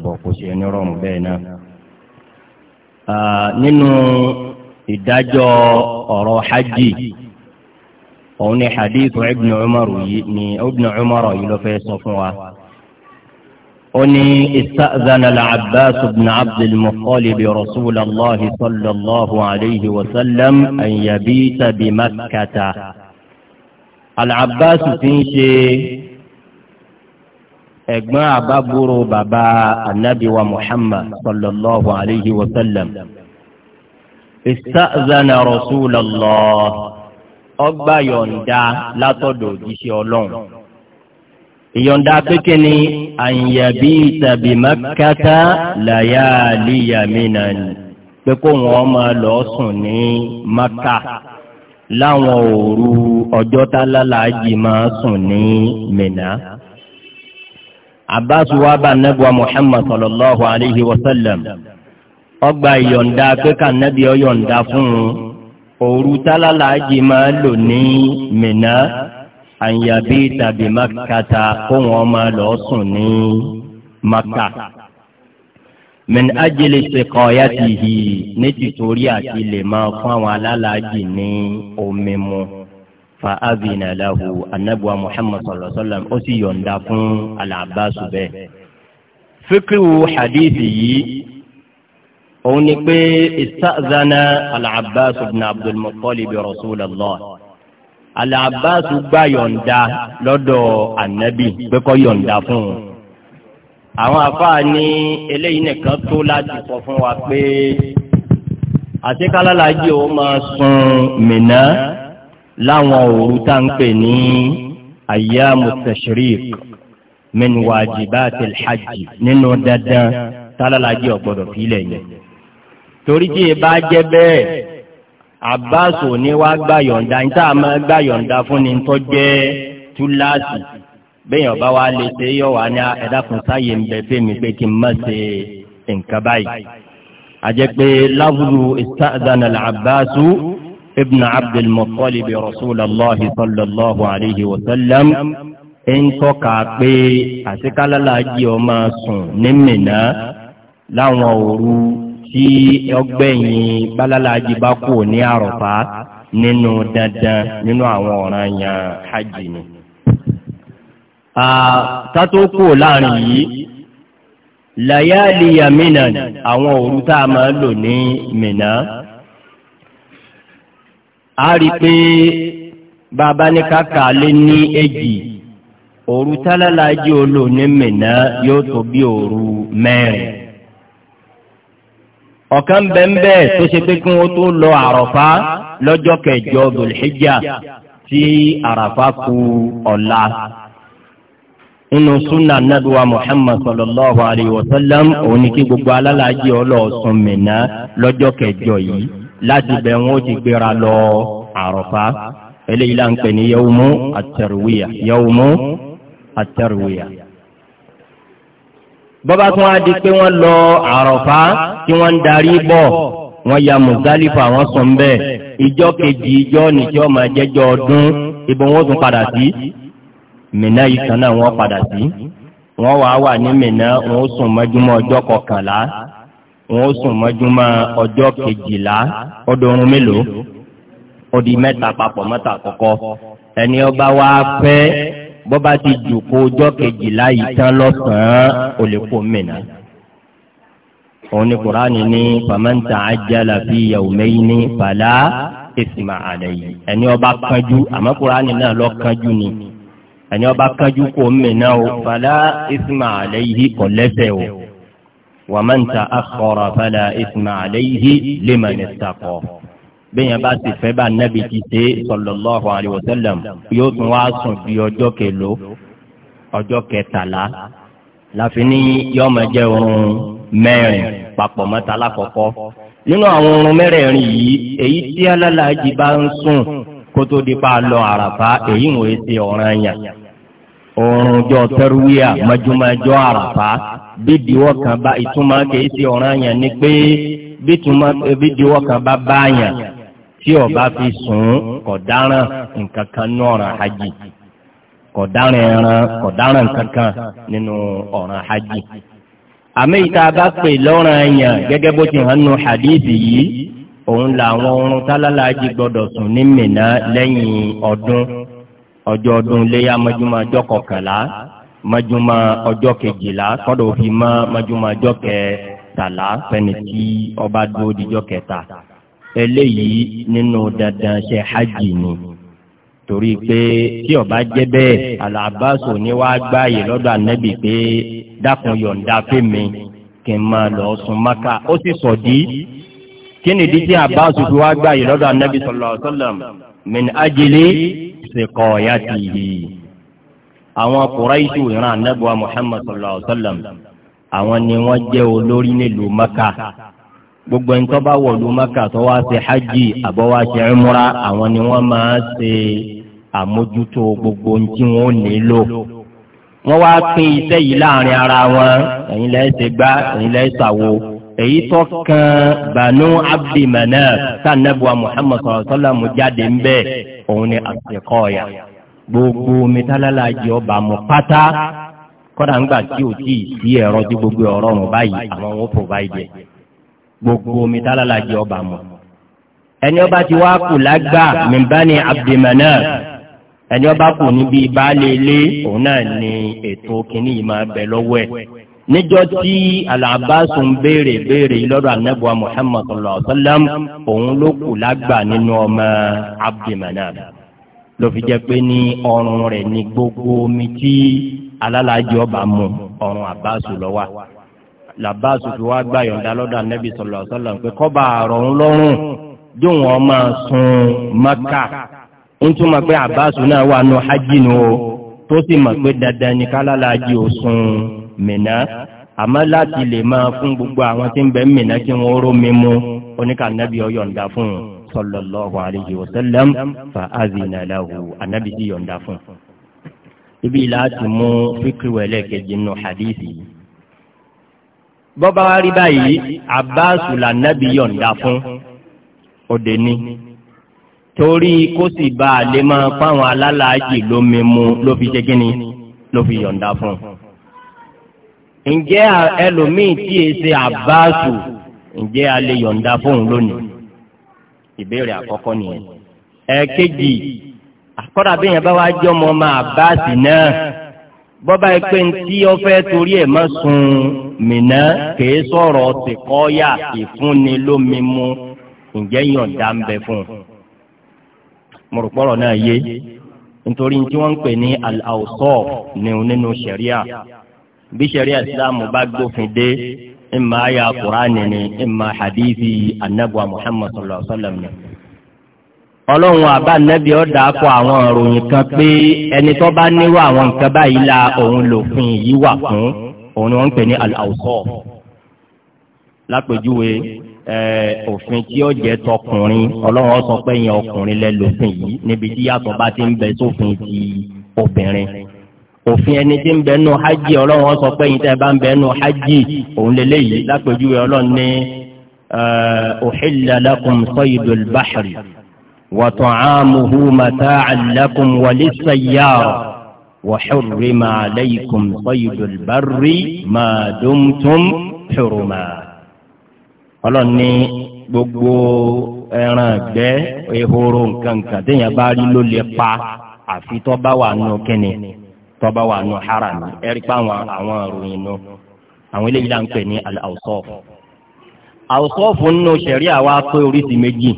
àtààbọ̀ kò ṣe ní rọrùn bẹ́ẹ̀ náà. nínú ìdájọ́ ọ̀rọ̀ hajj òun ni hadithu ibn umar yìí ni ibn umar yìí ló fẹ́ sọ fún wa. ó ní ista'zana al-abbas ibn abdul muttalib rasulallah sallallahu alayhi wa sallam an yabita bi makkata. al-abbas ti ń ṣe ẹ̀gbọ́n àbábúrò bàbá anabi wa muhammad sallallahu alayhi wa sallam istazana rasulallah ọgbà yọ̀ǹda látọ̀dọ̀ òjíṣẹ́ ọlọ́run ìyọ̀ǹda pékè ni àyàbí tàbí mẹ́kàtà làyàlí yàmínà ni pé kó wọn máa lọ sùn ní maka láwọn òru ọjọ́ tá máa sùn ní mìnà abbas wa bá nẹ́gbà muhammad sallallahu alayhi wa sallam ọgbà ìyọ̀ǹda pé ká nẹ́bí ọ yọ̀ǹda fún un òru tálálàájì máa lò ní mìíná àyàbí tàbí makata kó wọn máa lọ sùn ní maka min ajele sekọya tihi ní tìtorí àti lè máa fún àwọn alálàájì ní omi mu fa abina lahu anabuwa muhammad sallallahu alaihi wa sallam ó sì yọ̀ǹda fún alaabasu bẹ́ẹ̀. fikiru hadithi yìí òun ni pé istazana alaabasu bin abdulmutalib rasulallah alaabasu gba yọ̀ǹda lọ́dọ̀ anabi pé kó yọ̀ǹda fún un àwọn afáà ní eléyìí nìkan tó láti sọ fún wa pé àtikálálàájì ó máa sun mìíràn láwọn òru tá ń pè ní ayyamu tashriq min wajibati alhajj nínú dandan tálálàjì ọ̀gbọ́dọ̀ fílẹ̀ yẹn torí tí e bá jẹ́ bẹ́ẹ̀ Abbas ò ní wá gbà yọ̀ǹda ní tá a máa gbà yọ̀ǹda fún ni tó jẹ́ túláàsì bẹ́yàn bá wá lè ṣe yọ̀ wá ní ẹ̀dákun sáyé ń bẹ fẹ́mi pé kí n má ṣe nǹkan báyìí. àjẹ́ pé ìsáàdánà làbáṣú ابن عبد المطلب رسول الله صلى الله عليه وسلم ń tọ́ka pé àtikálálà jí ọ máa sùn ní Mínà láwọn òru tí ọgbẹ́yìn bálálà jí bá kú ní àròfá nínú dandan nínú àwọn ọ̀ràn yàn hajj ni. tátó kù láàrin yìí làyáàlì yàmínà àwọn òru tá a máa lò ní Mínà a rí i pé bàbá ní kàkà lé ní èjì òru tálálàájì olóòní mìíná yóò tó bí òru mẹ́rin ọ̀kan bẹ́ẹ̀ tó ṣe pé kí wọ́n tó lọ àrọ̀fá lọ́jọ́ kẹjọ dòlìṣíjà tí àràfá ku ọ̀la nínú súnà nàdùwà muhammad sallallahu alayhi wa sallam òun ni kí gbogbo alálàájì ọlọ́ọ̀sùn mìíná lọ́jọ́ kẹjọ yìí láti bẹ̀ wọ́n ti gbéra lọ àrọ̀fá eléyìí là ń pè ní yawmu at-tarwiya yawmu at-tarwiya. bọ́bá tún á di pé wọ́n lọ àrọ̀fá tí wọ́n ń darí bọ̀ wọ́n ya Muzdalifa wọ́n sùn bẹ́ẹ̀ ìjọ kejì ìjọ nìjọ́ máa jẹ́jọ́ ọdún ibò wọn tún padà sí Mínà yìí kan náà wọ́n padà sí wọ́n wàá wà ní Mínà wọ́n sùn mọ́júmọ́ ọjọ́ kọkànlá wọn ó sùn mọ́júmọ́ ọjọ́ kejìlá ọdọọrùn mélòó odi mẹ́ta papọ̀ mẹ́ta kọ̀kọ́ ẹni ọba wa pẹ́ bọ́ba ti jùkú ọjọ́ kejìlá yìí tán lọ́sàn-án ó lè kó mìíràn òun ni kuraani ni famanta ajala fi yawmeyni fala isma alayhi ẹni ọba kanjú àmọ́ kuraani náà lọ kanjú ni ẹni ọba kanjú kó mìíràn o fala isma alayhi kò lẹ́ṣẹ̀ o. ومن تأخر فلا إثم عليه لمن اتقى bẹ́ẹ̀ bá ti fẹ́ bá nábì ti ṣe sallallahu alayhi wa sallam yóò tún wá sùn di ọjọ́ kẹlò ọjọ́ kẹtàlá láfi ní yọ́mọ jẹ́ oorun mẹ́rin papọ̀ mọ́ta lákọ̀ọ́kọ́ nínú àwọn oorun mẹ́rẹ̀ẹ̀rin yìí èyí tí alálàájì bá ń sùn kó tó di pa lọ àràfá èyí ń wòye sí ọ̀ranyàn oorun jọ tẹ́rúwíà mọ́júmọ́jọ́ àràfá bídìwọ́ kan bá ìtumọ̀ kìí ọ̀ràn yẹn ni pé bídìwọ́ kan bá bá tí ó fi sùn kọ̀dáràn nǹkan kan ọ̀ràn hajj kọ̀dáràn ẹran kọ̀dáràn nǹkan kan nínú ọ̀ràn hajj. àmì ìta bá pè lọ́ràn yẹn gẹ́gẹ́ bó ti hàn nù hadithi yìí òun làwọn sùn ní lẹ́yìn ọdún ọjọ́ ọdún léyà mọ́júmọ́ ọjọ́ kọkànlá. májúmọ́ ọjọ́ kejìlá kọ́dọ̀ òfin mọ́ májúmọ́ ọjọ́ kẹtàlá fẹ́ni tí ọba dúró dijọ́ kẹta eléyìí nínú dandan ṣe hajj ni torí pé tí ọba jẹ́ bẹ́ẹ̀ alábàṣọ ni wàá gbààyè lọ́dọ̀ ànábì pé dákun yọ̀ǹda fèmí kí n máa lọ sùn maka ó sì sọ di kí ni dídí àbáṣọ fi wàá gbààyè lọ́dọ̀ ànábì sallallahu alaihi wasallam min ajili siqayatihi àwọn kùráìṣù ìran anábùwà muhammad sallallahu alayhi wa sallam àwọn ni wọ́n jẹ́ olórí nílùú maka gbogbo ẹni tó bá wọ̀ lu maka tó wá ṣe hajj àbọ̀ wá ṣe ẹ̀múra àwọn ni wọ́n máa ṣe àmójútó gbogbo ohun tí wọ́n nílò wọ́n wá pín iṣẹ́ yìí láàrin ara wọn ẹ̀yin lẹ́yìn ṣe gbá ẹ̀yin lẹ́yìn ṣàwo èyí tó kan banu abdi manaf tá nàbùwà muhammad sallallahu alayhi wa sallam jáde ń bẹ́ẹ̀ òun ni àṣekọ́ọ̀yà gbogbo mẹtálálà jẹ ọba mọ pátá kọ́dà ńgbà tí o ti sí ẹ̀rọ tí gbogbo ọ̀rọ̀ ọ̀run báyìí àwọn ò provide gbogbo mẹtálálà jẹ ọba mọ. ẹni ọba ti wá kù lágbà mìbáni abdulmanaf ẹni ọba kù níbi baálé òun náà ni ètò kínní yìí máa bẹ lọ́wọ́ ẹ̀ níjọ́ tí alabasun béèrè béèrè lọ́dọ̀ anabuwa muhammadu sallam òun ló kù lágbà nínú ọmọ abdulmanaf ló fi jẹ́ pé ní ọrùn rẹ̀ ní gbogbo omi tí alálàájì ọba mu ọrùn àbáṣù lọ́wọ́ làbáṣù fi wá gbà yọ̀ǹda lọ́dọ̀ anábì sọ̀lọ̀ sọ̀lọ̀ pé kọ́ba àrọ̀run lọ́rùn dùn wọ́n máa sun maka ń túmọ̀ pé àbáṣù náà wà nù hajj o tó sì mọ̀ pé dandan ni kálálàájì ò sun mìíná àmọ́ láti lè máa fún gbogbo àwọn tí ń bẹ mìíná kí wọ́n ró mú oníkànnàbí ọ̀yọ̀ǹda fún un sallallahu alayhi wa sallam fa azina lahu anabi ti yọ̀ǹda fún. ibi láti mú fíkìwẹ̀ lẹ́ẹ̀kejì nù hadisi. bọ́ba wa rí báyìí abáàsù lànàbí yọ̀ǹda fún òde ní torí kó sì bá a lè máa fáwọn alálàájì lómi mu ló fi ṣe kínní ló fi yọ̀ǹda fún ǹjẹ́ ẹlòmíì tí e ṣe àbáàsù ǹjẹ́ a lè yọ̀ǹda fóun lónìí ìbéèrè àkọ́kọ́ nìyẹn. ẹ̀ẹ́kejì àkọ́dà bí yẹn bá wá jẹ́ ọmọ ọmọ àbáàsì náà bọ́bá yìí pé ntí ọfẹ́ torí ẹ̀ má sun mìíná kèé sọ̀rọ̀ tìkọ́yà ìfúnni lómi mu ǹjẹ́ yọ̀ǹda ń bẹ fún un. mo rò pọ̀rọ̀ náà yé nítorí tí wọ́n ń pè ní al-awsaf ní nínú sẹ̀ríà bí sẹ̀ríà ìsìlámù bá gbófin dé ìmà àyà kùránì ni ìmà hadithi anabuwa muhammad sallallahu alaihi wa sallam ni. ọlọ́run àbá nẹ́bí ó dàkọ àwọn òròyìn kan pé ẹni tó bá nírú àwọn nǹkan báyìí la òun lòfin yìí wà fún òun ni wọ́n ń pè ní al lápèjúwe òfin tí ó jẹ́ tọkùnrin ọlọ́run ó sọ ọkùnrin lẹ lòfin yìí níbi tí yàtọ̀ bá ti ń bẹ sófin ti obìnrin òfin ẹni tí ń bẹ nù hajj ọlọ́run sọ pé yìí tẹ́ bá ń bẹ nù hajj òun lélẹ́yìí lápèjúwe ọlọ́run ní uhilla lakum saydul bahri wa ta'amuhu mata'an lakum walis-sayyara wa hurrima alaykum saydul barri ma dumtum huruma. ọlọ́run ní gbogbo ẹran ẹgbẹ́ ehoro nǹkan téèyàn bá rí ló pa àfi bá wà nù kẹ́nìyàn tọ́ba wà nù haram ẹ̀rí pa àwọn àwọn ìròyìn nù àwọn eléyìí là ń pè ní al-awsaf al-awsaf nù ṣẹ̀ríà wa pé oríṣi méjì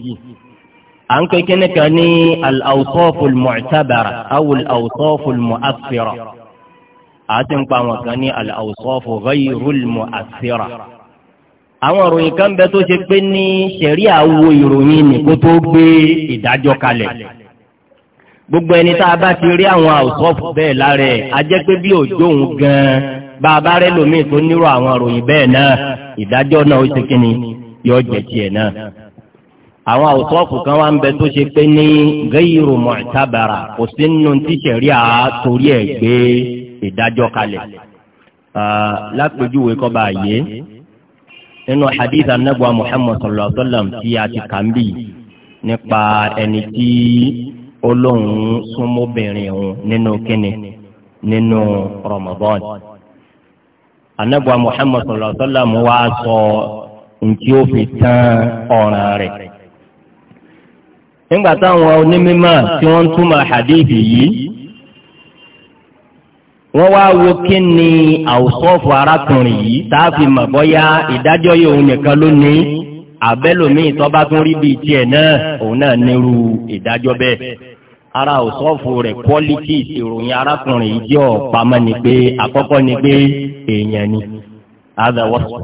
à ń pè kíni kan ní al-awsaf al-mu'tabara aw al-awsaf à ti ń pa àwọn kan ní al-awsaf ghayru al-mu'athira àwọn ìròyìn kan bẹ tó ṣe pé ní ṣẹ̀ríà wo ìròyìn nìkó tó gbé ìdájọ́ kalẹ̀ gbogbo ẹni tá a bá ti rí àwọn àwòsọ́ọ̀fù bẹ́ẹ̀ lára ẹ̀ a jẹ́ pé bí òjò òun gan-an bá a bá rẹ́ lómìn tó nírò àwọn àròyìn bẹ́ẹ̀ náà ìdájọ́ náà ó ti kíni yọ jẹ tiẹ̀ náà. àwọn àwòsọ́ọ̀fù kan wá ń bẹ tó ṣe pé ní gẹ́yìrò mọ̀ọ́tàbàrà kò sí nínú tíṣẹ̀rí à torí ẹ̀ gbé ìdájọ́ kalẹ̀. lápèjúwe kọ́ bá a yé nínú hadith anagba muhammad sallallahu alaihi wa sallam tí a ti kàn bí nípa ẹni tí olóhùn súnmọ́bìnrin òun nínú kínní nínú Ramadan anagba Muhammad sallallahu alaihi wa sallam wa sọ nti o fi tán ọ̀ràn rẹ̀ nígbà táwọn onímọ̀ tí wọ́n túmọ̀ hadithi yìí wọ́n wá wo kí ni àwòsọ́ọ̀fù arákùnrin yìí tá a fi mọ̀ bọ́yá ìdájọ́ yìí òun nìkan ló ní abẹ́lòmíì tó rí bíi tiẹ̀ náà òun náà nírú ìdájọ́ bẹ́ẹ̀. ara òsọ́fù re: quality ìròyìn arákùnrin yìí jẹ́ ọ̀pamọ́ ni pé àkọ́kọ́ ni pé èèyàn ni adáwọ́sọ̀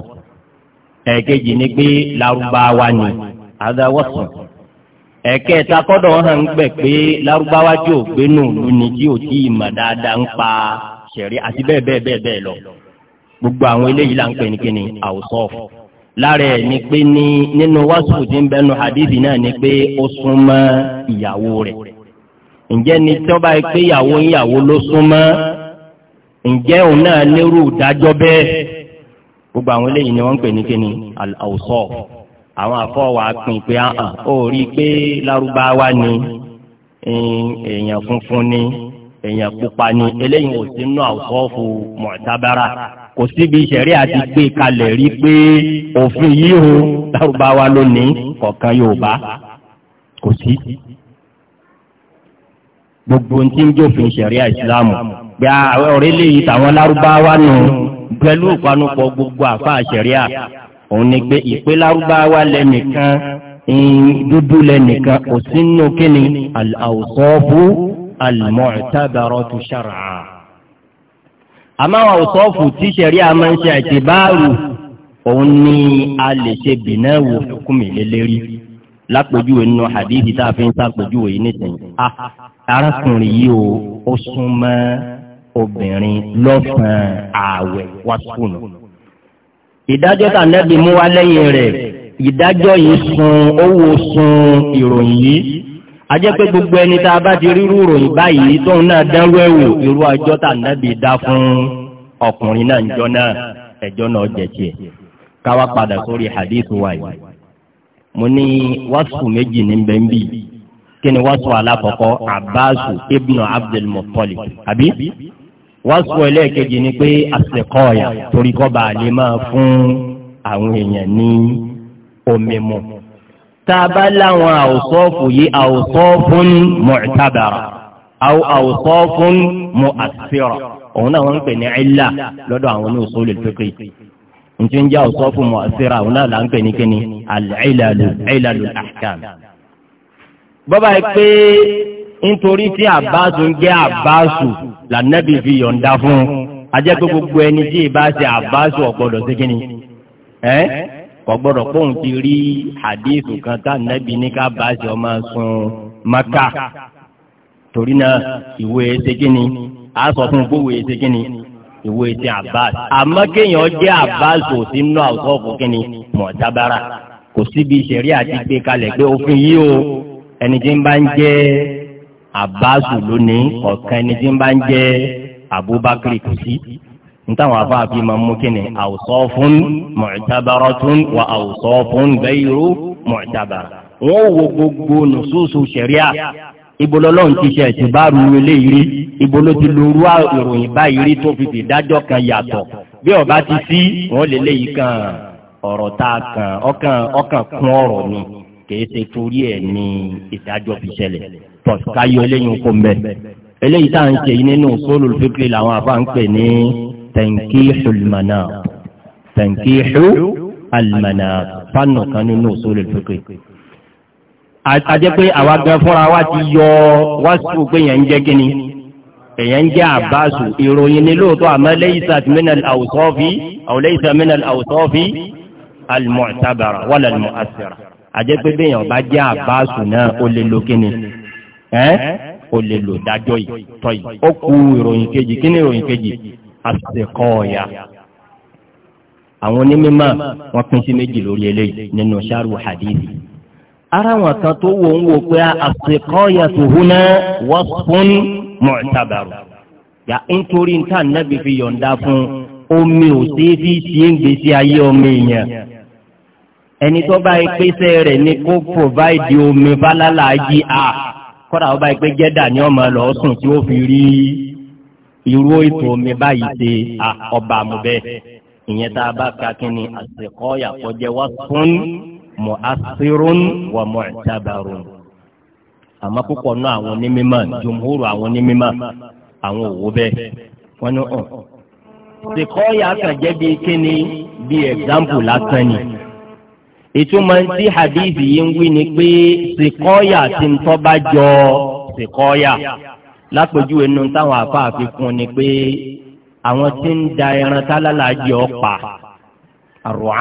ẹ̀ẹ̀kejì ni pé lárúbáwá ni adáwọ́sọ̀ ẹ̀kẹta kọ́dọ̀ hàn gbẹ̀ pé lárúbáwá tí ò gbé nù lù tí ò tí ì mọ̀ dáadáa ń pa àti lọ gbogbo àwọn eléyìí là ń pè ní kíni ni pé ní nínú wàásù tí ń bẹnu hadithi náà ni ǹjẹ́ ni tí wọ́n bá yẹ pé ìyàwó ìyàwó ló súnmọ́ ǹjẹ́ òun náà lérò dájọ́ bẹ́ẹ̀ gbogbo àwọn eléyìí ni wọ́n ń pè ní kíni àwùsọ àwọn àfọwà pin pé ahàn ó rí i pé lárúbáwá ni èèyàn funfun ni èèyàn pupa ni eléyìí ò sí nínú àwùsọ fún mọ̀tábára kò síbi ìṣẹ̀rí àti gbé kalẹ̀ rí pé òfin yìí o lárúbáwá lónìí kọ̀ọ̀kan Yorùbá kò sí gbogbo ntí ń jófin ṣẹ̀ríà ìsìlámù bí ọ̀rẹ́ léyìí tàwọn lárúbáwá nù pẹ̀lú ìpanupọ̀ gbogbo àfa ṣẹ̀ríà òun ni pé ìpè lárúbáwá lẹ́nìkan dúdú lẹ́nìkan kò sínú kíni al-awsafu al-mu'tabaratu àmọ́ àwọn tí ṣẹ̀ríà máa ń ṣe àtibáàrù òun ni a lè ṣe bìnnáwó fúnkúmi lélẹ́rìí lápèjúwe nínú hadithi tá a fi ń sàpèjúwe yìí nísìnyí. arákùnrin yìí o ó súnmọ́ obìnrin lọ́sàn-án ààwẹ̀ wá sùnù. ìdájọ́ tá nẹ́bí mú wá lẹ́yìn rẹ̀ ìdájọ́ yìí sun owó sun ìròyìn yìí ajẹ́ pé gbogbo ẹni tá a bá ti rírú ìròyìn báyìí tóun náà dánwó ẹ̀wò irú àjọ tá nẹ́bí dá fún ọkùnrin náà níjọ́ náà ẹjọ́ náà jẹ̀ tiẹ̀ káwá padà sórí hadith wa mo ní wàásù méjì ní bẹ́ẹ̀ bí kí ni wàásù alákọ̀ọ́kọ́ abbasu ibnu abdul muttalib àbí wàásù ẹlẹ́ẹ̀kejì ni pé àsìkọ́ọ̀yà torí kọ́ bá a lè máa fún àwọn èèyàn ní omi mu tá a bá láwọn àwòsọ́ọ̀fù yìí àwòsọ́ọ̀fún mu'tabara àwọn àwòsọ́ọ̀fún mu'assira òun náà wọ́n ń pè ní ilà lọ́dọ̀ àwọn oníṣòwò lè njẹ́ ń já ọ̀sọ́ fún mọ̀ síra òun náà là ń pè ní kíni al-ilalu ilalu al-ahkam. bọ́bá yìí pé nítorí tí àbáṣu ń jẹ́ àbáṣu lànàbí fi yọ̀ǹda fún ajẹ́ pé gbogbo ẹni tí ì bá ṣe àbáṣu ọ̀gbọ́dọ̀ sí kíni ẹ́ ọ̀gbọ́dọ̀ pòun ti rí hadith kan tá nàbí ní ká báṣu ọmọ sun maka torí náà ìwé ṣe kíni àá sọ fún gbówó ṣe kíni. ìwé ti Abbas àmọ́ kéèyàn ọ jẹ ò sí nínú àwùjọ fún kínní mọ̀tábára kò síbi ìṣẹ̀rí àti gbé kalẹ̀ pé òfin yìí o ẹni tí ń bá ń jẹ́ Abbas lónìí ọ̀kan ẹni tí ń bá ń Abubakar kò sí ntàwọn afáàfin máa mú fún tún wà fún wọn ibolọ́lọ́run ti ṣe ẹ̀sìn bá ru eléyìí rí ibolo ti lo ru ìròyìn báyìí rí tó fi fìdájọ́ kan yàtọ̀ bí ọba ti sí wọn lè léyìí kan ọ̀rọ̀ tá a kan ọkàn ọkàn kún ọ̀rọ̀ ni kìí ṣe torí ẹ̀ ní ìdájọ́ fi ṣẹlẹ̀ pọ̀s káyọ eléyìí kò mbẹ eléyìí tá à ń ṣe yìí nínú sólù fíkìrì làwọn afa ń pè ní tankihul manab tankihu al manab fánù kan nínú sólù fíkìrì àjẹ́ pé àwa gan fúnra wa ti yọ wáṣíù pé yẹn ń jẹ́ kínní èyàn ń jẹ́ àbáṣù ìròyìn ní lóòótọ́ àmọ́ lẹ́yìísà minal awsafi aw lẹ́yìísà minal awsafi al-mu'tabara wala al àjẹ́ pé bẹ́yàn bá jẹ́ àbáṣù náà ó lè lo kíni ẹ́ ó lè lo dájọ́ yìí tọ́ yìí ó ku ìròyìn kejì kíni ìròyìn kejì àṣekọ́ọ̀yà àwọn ara wọn kan tó wo ń wò pé as-siqayatu huna wasfun mu'tabaru yà nítorí níta nẹ́bí fi yọ̀ǹda fún omi ò sí fi ṣe ń gbèsè ayé ọmọ èèyàn ẹni tó bá pèsè rẹ̀ ni kó provide omi balala a kọ́ra ó bá jẹ́dà ni ọmọ lọ sùn tí ó fi rí irú ètò omi báyìí ṣe ọba àmúbẹ́ ìyẹn tá a bá ka kí ni as mu'athirun wa mu'tabarun àmọ́ púpọ̀ náà àwọn onímọ̀ jùmúhùrù àwọn onímọ̀ àwọn òwò bẹ́ẹ̀ wọ́n ní hàn. sìkọ́yà kan jẹ́ bíi kíni bíi example lásán ni ìtumọ̀ tí hadith yìí ń wí ni pé sìkọ́yà ti ń tọ́ bá jọ sìkọ́yà lápèjúwe nu táwọn àfáàfin fún ni pé àwọn tí ń da ẹran tálálàájì ọ̀pá àrùn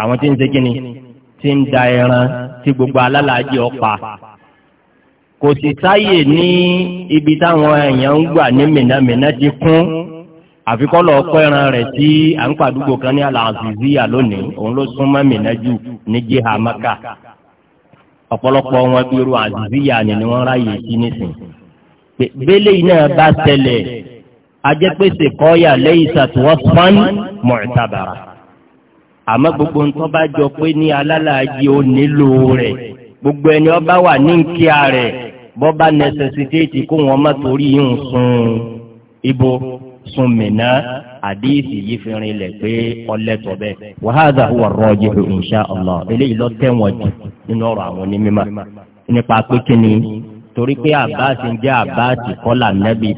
àwọn tí ń ṣe kíni tí ń da ẹran tí gbogbo alálàájì ọ̀pá kò sì sáyè ní ibi táwọn èèyàn ń gbà ní mìnàmìnà ti kún àfikọ́lọ̀ ọkọ ẹran rẹ̀ tí à ń pàdúgbò kan ní Al-Aziziyya lónìí òun ló súnmọ́ mìnà jù ní jíha maka ọ̀pọ̀lọpọ̀ wọn bí irú Aziziyya ni ni wọ́n ráyè sí nísìn bẹ́lẹ̀ iná bá tẹ̀lẹ̀ ajẹ́pẹ́sẹ̀ kọ́ọ̀yà laysa wasfan mu'tabara. àmọ́ gbogbo ńtọ́ bá jọ pé ní alálàájì ó nílò rẹ̀ gbogbo ẹni wà ní nkíá rẹ̀ bọ́ba nẹsẹsitéètì kó wọn má torí sun ibo sun mìíná àdéhìsì yìí fi rinlẹ̀ pé ọlẹ́tọ̀ bẹ́ẹ̀. wàhálà rọ́ọ̀jì eléyìí lọ tẹ̀wọ̀n jù nínú ọ̀rọ̀ àwọn onímọ̀ nípa pé kíni torí pé àbáàsì ń jẹ́ àbáàsì kọ́là nẹ́bí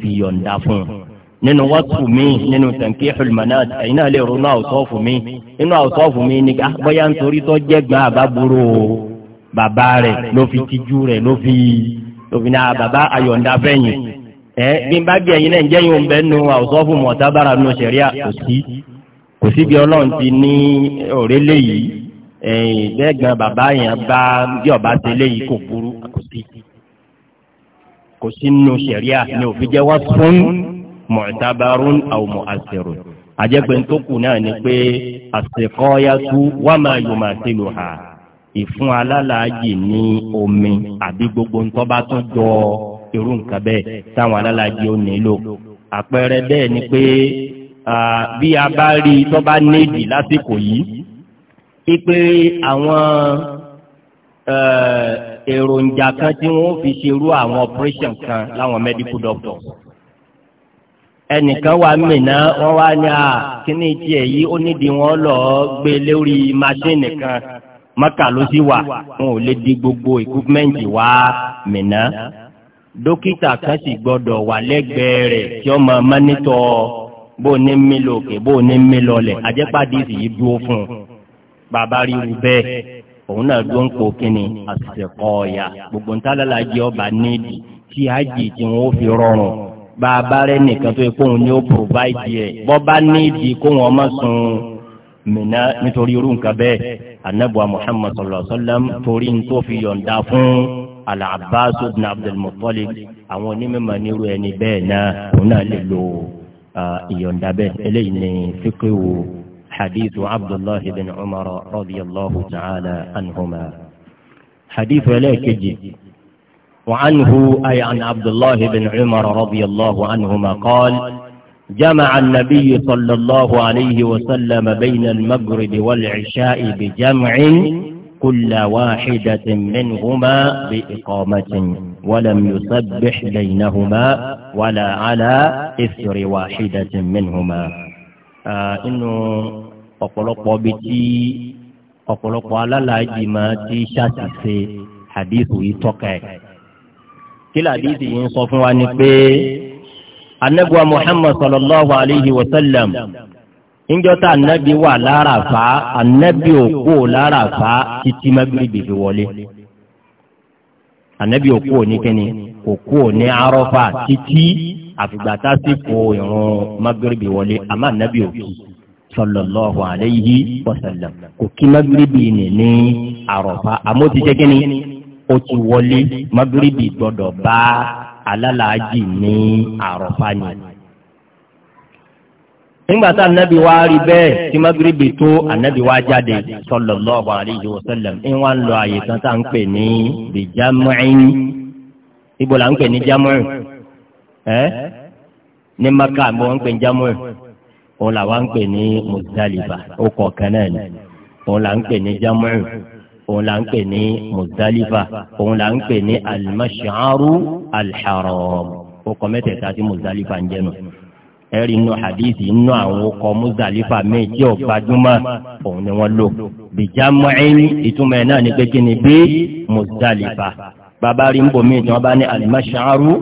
nínú wàtú mi nínú tankihul manat ẹ̀yin náà lè ronú àwòsọ́ọ̀fù mi nínú àwòsọ́ọ̀fù mi ni ká bóyá nítorí tó jẹ́ gbà àbábúrò bàbá rẹ̀ ló fi tijú rẹ̀ ló fi ló fi náà ah, bàbá ayọ̀ǹda fẹ́yìn ẹ bí n bá gbé ẹ̀yin náà ń jẹ́yìn òun bẹ́ẹ̀ nu àwòsọ́ọ̀fù mọ̀tábàrà nù sẹ̀ríà kò sí kò sí bí ọlọ́run ti ní òrèlè yìí ẹ̀yìn bẹ́ẹ̀gbọ́n bàbá yẹn bá bí ọba tẹ́lẹ̀ yìí kò burú kò sí kò sí ni òfin jẹ́ wá fún mu'tabarun aw mu'assirun àjẹpẹ́ tó kù náà ni pé as-siqayatu wa ma yumathiluha ìfún alálàájì ní omi àbí gbogbo ńtọ́ bá tún jọ irú nǹkan bẹ́ẹ̀ táwọn alálàájì ó nílò àpẹẹrẹ bẹ́ẹ̀ ni pé bí a bá rí tó bá lásìkò yìí pípé àwọn èròjà kan tí wọ́n fi ṣerú àwọn operation kan láwọn medical doctors ẹnìkan wà mìíràn wọn wá ní a kíní tiẹ̀ yìí ó nídìí wọn lọ gbé lórí masínì kan mọ́kà ló sì wà wọn ò lè di gbogbo ìkúpmẹ́ǹtì wá mìíràn dókítà kan sì gbọdọ̀ wà lẹ́gbẹ̀ẹ́ rẹ̀ tí ó máa mánítọ̀ bó ní mí lòkè bó ní mí lọlẹ̀ ajẹ́pàdé sì yí dúró fún un bàbá rí irú bẹ́ẹ̀ òun náà dúró ń po kínní àṣìṣe kọ́ ọ̀yà gbogbo ń tálálà jẹ́ ọba nídìí tí àjì tí wọ́n fi rọrùn bàbá rẹ nìkan tó yẹ kó òun ni ó provide yẹ bọ́ bá ní ìdí kó wọn má sun mìíná nítorí irú nǹkan bẹ́ẹ̀ anabuwa muhammad sallallahu alaihi wa sallam torí n tó fi yọ̀ǹda fún al-abbas ibn abdul muttalib àwọn onímọ̀ nírú ẹni bẹ́ẹ̀ náà òun náà lè lo ìyọ̀ǹda bẹ́ẹ̀ eléyìí ni fíkìwò hadith abdullahi bin umar radiyallahu ta'ala anhuma hadith ẹlẹ́ẹ̀kejì. وعنه أي عن عبد الله بن عمر رضي الله عنهما قال جمع النبي صلى الله عليه وسلم بين المغرب والعشاء بجمع كل واحدة منهما بإقامة ولم يسبح بينهما ولا على إثر واحدة منهما آه إنه ọ̀pọ̀lọpọ̀ bí أقلق بتي أقلق على alalaaji maa حديث sasise kila hadithi yìí ń sọ fún wa ni pé anabi wa muhammad sallallahu alayhi wa sallam njọta anabi wà lárafa anabi òkú lárafa títí magrebi fi wọlé anabi òkú òní kíni òkú òní arọfa títí àfìgbàtà sí kó irun magrebi wọlé àmọ́ anabi òkú sallallahu alayhi wa sallam kò kí magrebi ní ní arọfa àmọ́ ti ó ti wọlé magrebi gbọ́dọ̀ bá alálàájì ní àròfà ni. nígbà tá anabi wa rí bẹ́ẹ̀ tí magrebi tó anabi wa jáde sallallahu alayhi wa sallam ń wá ń lọ àyè kan tá à ń pè ní bijamuin ibo la ń pè ní jamuin ẹ ní maka mo ń pè ní jamuin òun là wá ń pè ní muzdalifa ó kọ̀ọ̀kan náà ni òun ń pè ní jamuin òun là ń pè ní Muzdalifa òun là ń pè ní al-mash'aru al-haram ọkọ̀ mẹ́tẹ̀ẹ̀ta tí Muzdalifa ń jẹnu ẹ̀rí inú hadithi inú àwọn ọkọ̀ Muzdalifa míì tí ò gbajúmọ̀ òun ni wọ́n lò bìjámọ́ ìtumọ̀ ẹ̀ náà ni pé kí ni bí Muzdalifa bàbá rí ń bò míì tí wọ́n bá ní al-mash'aru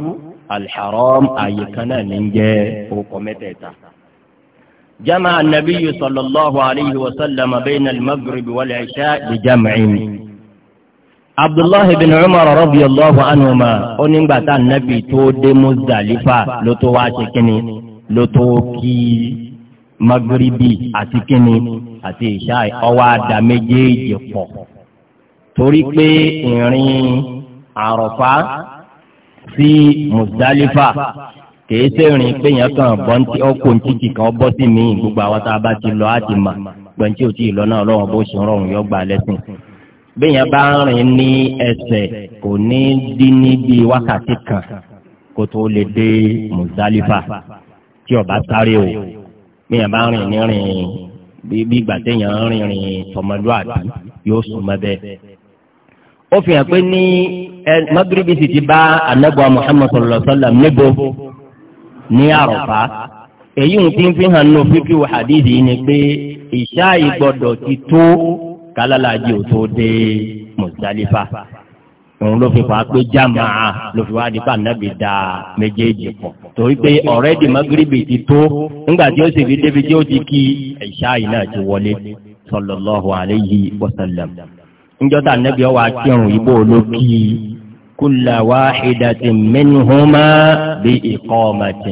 àyè kan náà ní ń jẹ́ ọkọ̀ mẹ́tẹ̀ẹ̀ta. جمع النبي صلى الله عليه وسلم بين المغرب والعشاء بجمعين. عبد الله بن عمر رضي الله عنهما ونبع النبي تود مزدلفة لتوا لتوكي مغربي أتكني أتي شاي أواد مجيج فوق torí pé ìrìn àrọ̀fá kìí sẹ́rìn péyàn kan bọ́ntì ọkọ̀ ntìtì kan bọ́ sí mi gbogbo àwọn tá a bá ti lọ á ti mà gbọ̀ntì ò tí ì lọ náà lọ́wọ́ bó ṣe rọrùn yọ gbà lẹ́sìn. béèyàn bá rìn ní ẹsẹ̀ kò ní dín ní bí wákàtí kan kó tó lè dé Muzdalifa tí ó sáré o béèyàn bá rìn ní rìn bí ìgbà téèyàn rìn rìn tọmọlúwàbí yóò sùn mọ́ bẹ́ẹ̀. ó fi hàn pé ní magrebi ti bá anagba ní àròfá èyí ń fi fi hàn nù fífi wò hadithi ni pé ìṣá ìgbọ́dọ̀ ti tó kálálàjì ò tó dé Muzdalifa òun ló fi fà á pé jamaa ló fi wá di pa nàbì da méjèèjì pọ̀ torí pé ọ̀rẹ́dì magrebi ti tó nígbà tí ó sì fi débi tí ó ti kí ìṣá yìí náà ti wọlé sallallahu alayhi wa sallam. níjọ́ tá nàbì ọ̀ wá kírun ìbò ló kí i. كل واحدة منهما بإقامة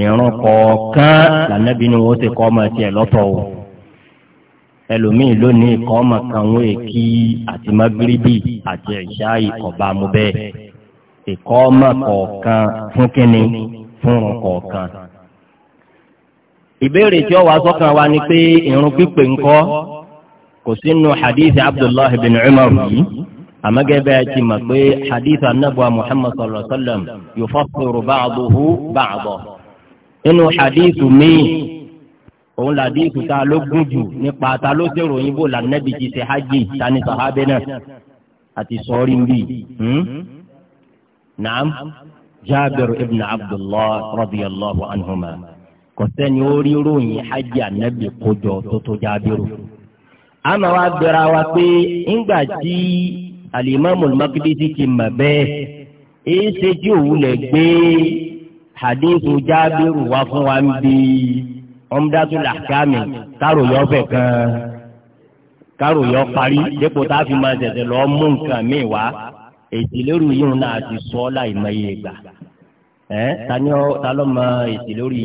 ìrun bi lànàbí ni wọ́n ti kọ́ ọmọ tiẹ̀ ọmọ kan wọ́n èkí àti magiribi àti ẹ̀ṣá ati mu bẹ́ẹ̀ ìkọ́ ọmọ kọ̀ọ̀kan fún kínní fún ìrun kọ̀ọ̀kan. ìbéèrè tí ó wàá wa ni pé ìrun pípé ńkọ́ kò sínú hadith abdullahi bin umar yìí. amagẹbẹ ti ma pé hadith anabuwa muhammad sallallahu alaihi wa sallam yufassiru ba'duhu ba'da inú hadith mi òun la hadith ta ló gùn jù nípa ta ló ṣe ròyìn bó la nẹbi ti ṣe hajj tani sahabe náà àti sọrí ń bì hmm? naam jaabir ibn abdullah radiyallahu anhuma kò ó rí ròyìn hajj anabi kójọ tó tó jaabiru. àmọ́ wa gbéra wa pé ńgbà alimami makidisi ti mà bẹ́ẹ̀ èyí ṣe tí òun lè gbé hadithu jábìrù wá fún wa ń bí Umdatul Ahkam kárò yọ fẹ̀ kan kárò yọ parí dépò tá a fi máa tẹ̀sẹ̀ lọ mú nǹkan mi wá èsì lórí yìí náà ti sọ láì mọ iye gbà ẹ tani ọ ta ló mọ èsì lórí